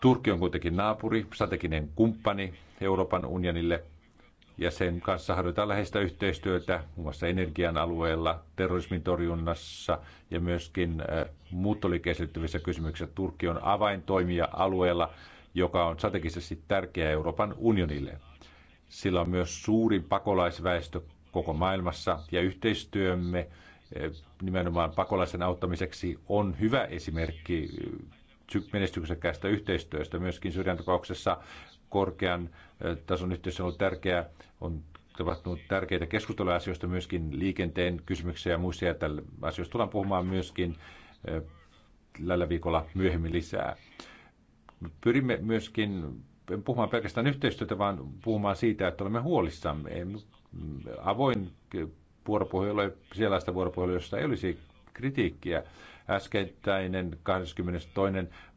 Turkki on kuitenkin naapuri, strateginen kumppani Euroopan unionille ja sen kanssa harjoitetaan läheistä yhteistyötä muun muassa energian alueella, terrorismin torjunnassa ja myöskin äh, muuttoliikkeeseen kysymyksissä. Turkki on avaintoimija alueella, joka on strategisesti tärkeä Euroopan unionille. Sillä on myös suurin pakolaisväestö koko maailmassa ja yhteistyömme eh, nimenomaan pakolaisen auttamiseksi on hyvä esimerkki eh, menestyksekkäästä yhteistyöstä. Myöskin Syyrian tapauksessa korkean eh, tason yhteistyö on ollut tärkeää. On tapahtunut tärkeitä keskusteluja asioista, myöskin liikenteen kysymyksiä ja muissa. Ja tällä asioista tullaan puhumaan myöskin tällä viikolla myöhemmin lisää. Pyrimme myöskin puhumaan pelkästään yhteistyötä, vaan puhumaan siitä, että olemme huolissamme. Avoin vuoropuhelu, sellaista vuoropuhelua, jossa ei olisi kritiikkiä. Äskettäinen 22.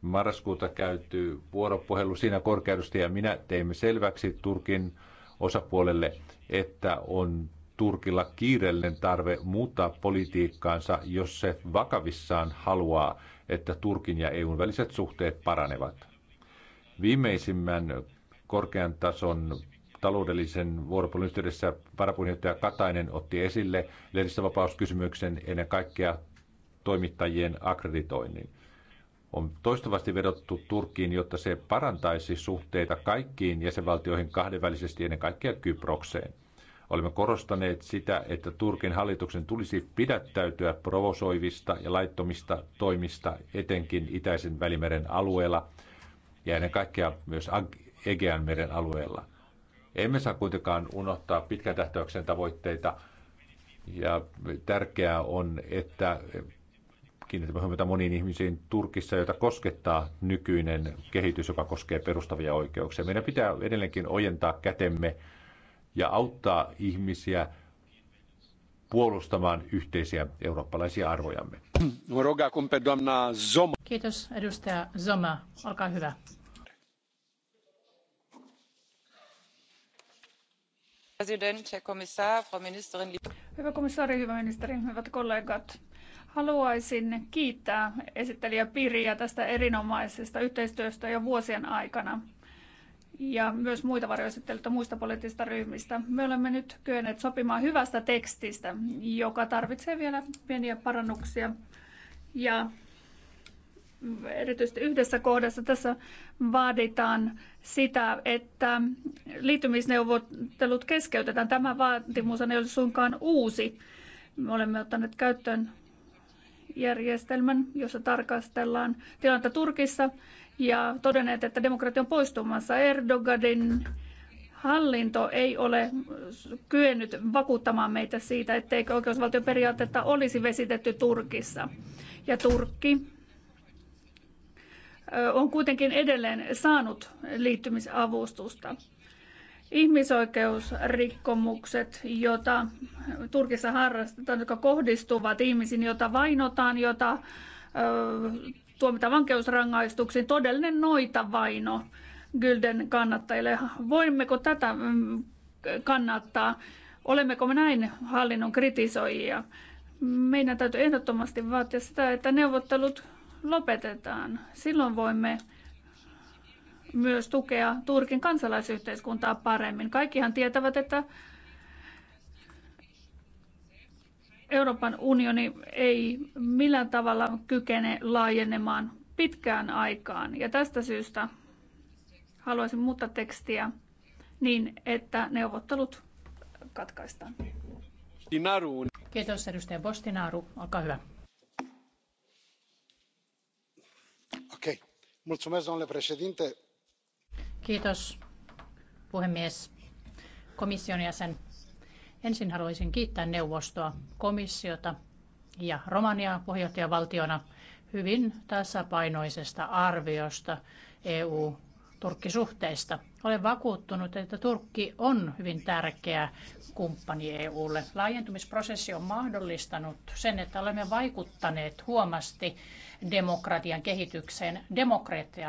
marraskuuta käyty vuoropuhelu siinä korkeudusta ja minä teimme selväksi Turkin osapuolelle, että on Turkilla kiireellinen tarve muuttaa politiikkaansa, jos se vakavissaan haluaa, että Turkin ja EUn väliset suhteet paranevat. Viimeisimmän korkean tason taloudellisen vuoropuolun yhteydessä varapuheenjohtaja Katainen otti esille lehdistövapauskysymyksen ennen kaikkea toimittajien akkreditoinnin. On toistuvasti vedottu Turkkiin, jotta se parantaisi suhteita kaikkiin jäsenvaltioihin kahdenvälisesti ennen kaikkea Kyprokseen. Olemme korostaneet sitä, että Turkin hallituksen tulisi pidättäytyä provosoivista ja laittomista toimista etenkin itäisen välimeren alueella – ja ennen kaikkea myös Egean meren alueella. Emme saa kuitenkaan unohtaa pitkän tähtäyksen tavoitteita ja tärkeää on, että kiinnitämme huomiota moniin ihmisiin Turkissa, joita koskettaa nykyinen kehitys, joka koskee perustavia oikeuksia. Meidän pitää edelleenkin ojentaa kätemme ja auttaa ihmisiä puolustamaan yhteisiä eurooppalaisia arvojamme. Kiitos edustaja Zoma. Olkaa hyvä. Hyvä komissaari, hyvä ministeri, hyvät kollegat. Haluaisin kiittää esittelijä Piriä tästä erinomaisesta yhteistyöstä jo vuosien aikana ja myös muita varjoesittelyitä muista poliittisista ryhmistä. Me olemme nyt kyenneet sopimaan hyvästä tekstistä, joka tarvitsee vielä pieniä parannuksia. Ja erityisesti yhdessä kohdassa tässä vaaditaan sitä, että liittymisneuvottelut keskeytetään. Tämä vaatimus ei ole suinkaan uusi. Me olemme ottaneet käyttöön järjestelmän, jossa tarkastellaan tilannetta Turkissa ja todenneet, että demokratia on poistumassa. Erdoganin hallinto ei ole kyennyt vakuuttamaan meitä siitä, etteikö oikeusvaltioperiaatetta olisi vesitetty Turkissa. Ja Turkki on kuitenkin edelleen saanut liittymisavustusta. Ihmisoikeusrikkomukset, joita Turkissa harrastetaan, jotka kohdistuvat ihmisiin, joita vainotaan, joita tuomita vankeusrangaistuksiin, todellinen noita vaino Gylden kannattajille. Voimmeko tätä mm, kannattaa? Olemmeko me näin hallinnon kritisoijia? Meidän täytyy ehdottomasti vaatia sitä, että neuvottelut lopetetaan. Silloin voimme myös tukea Turkin kansalaisyhteiskuntaa paremmin. Kaikkihan tietävät, että Euroopan unioni ei millään tavalla kykene laajenemaan pitkään aikaan. Ja tästä syystä haluaisin muuttaa tekstiä niin, että neuvottelut katkaistaan. Kiitos edustaja Bostinaru. Olkaa hyvä. domnule președinte puhemies komission jäsen ensin haluaisin kiittää neuvostoa komissiota ja romaniaa puheenjohtajavaltiona hyvin tasapainoisesta arviosta eu Turkki-suhteista. Olen vakuuttunut, että Turkki on hyvin tärkeä kumppani EUlle. Laajentumisprosessi on mahdollistanut sen, että olemme vaikuttaneet huomasti demokratian kehitykseen, demokratian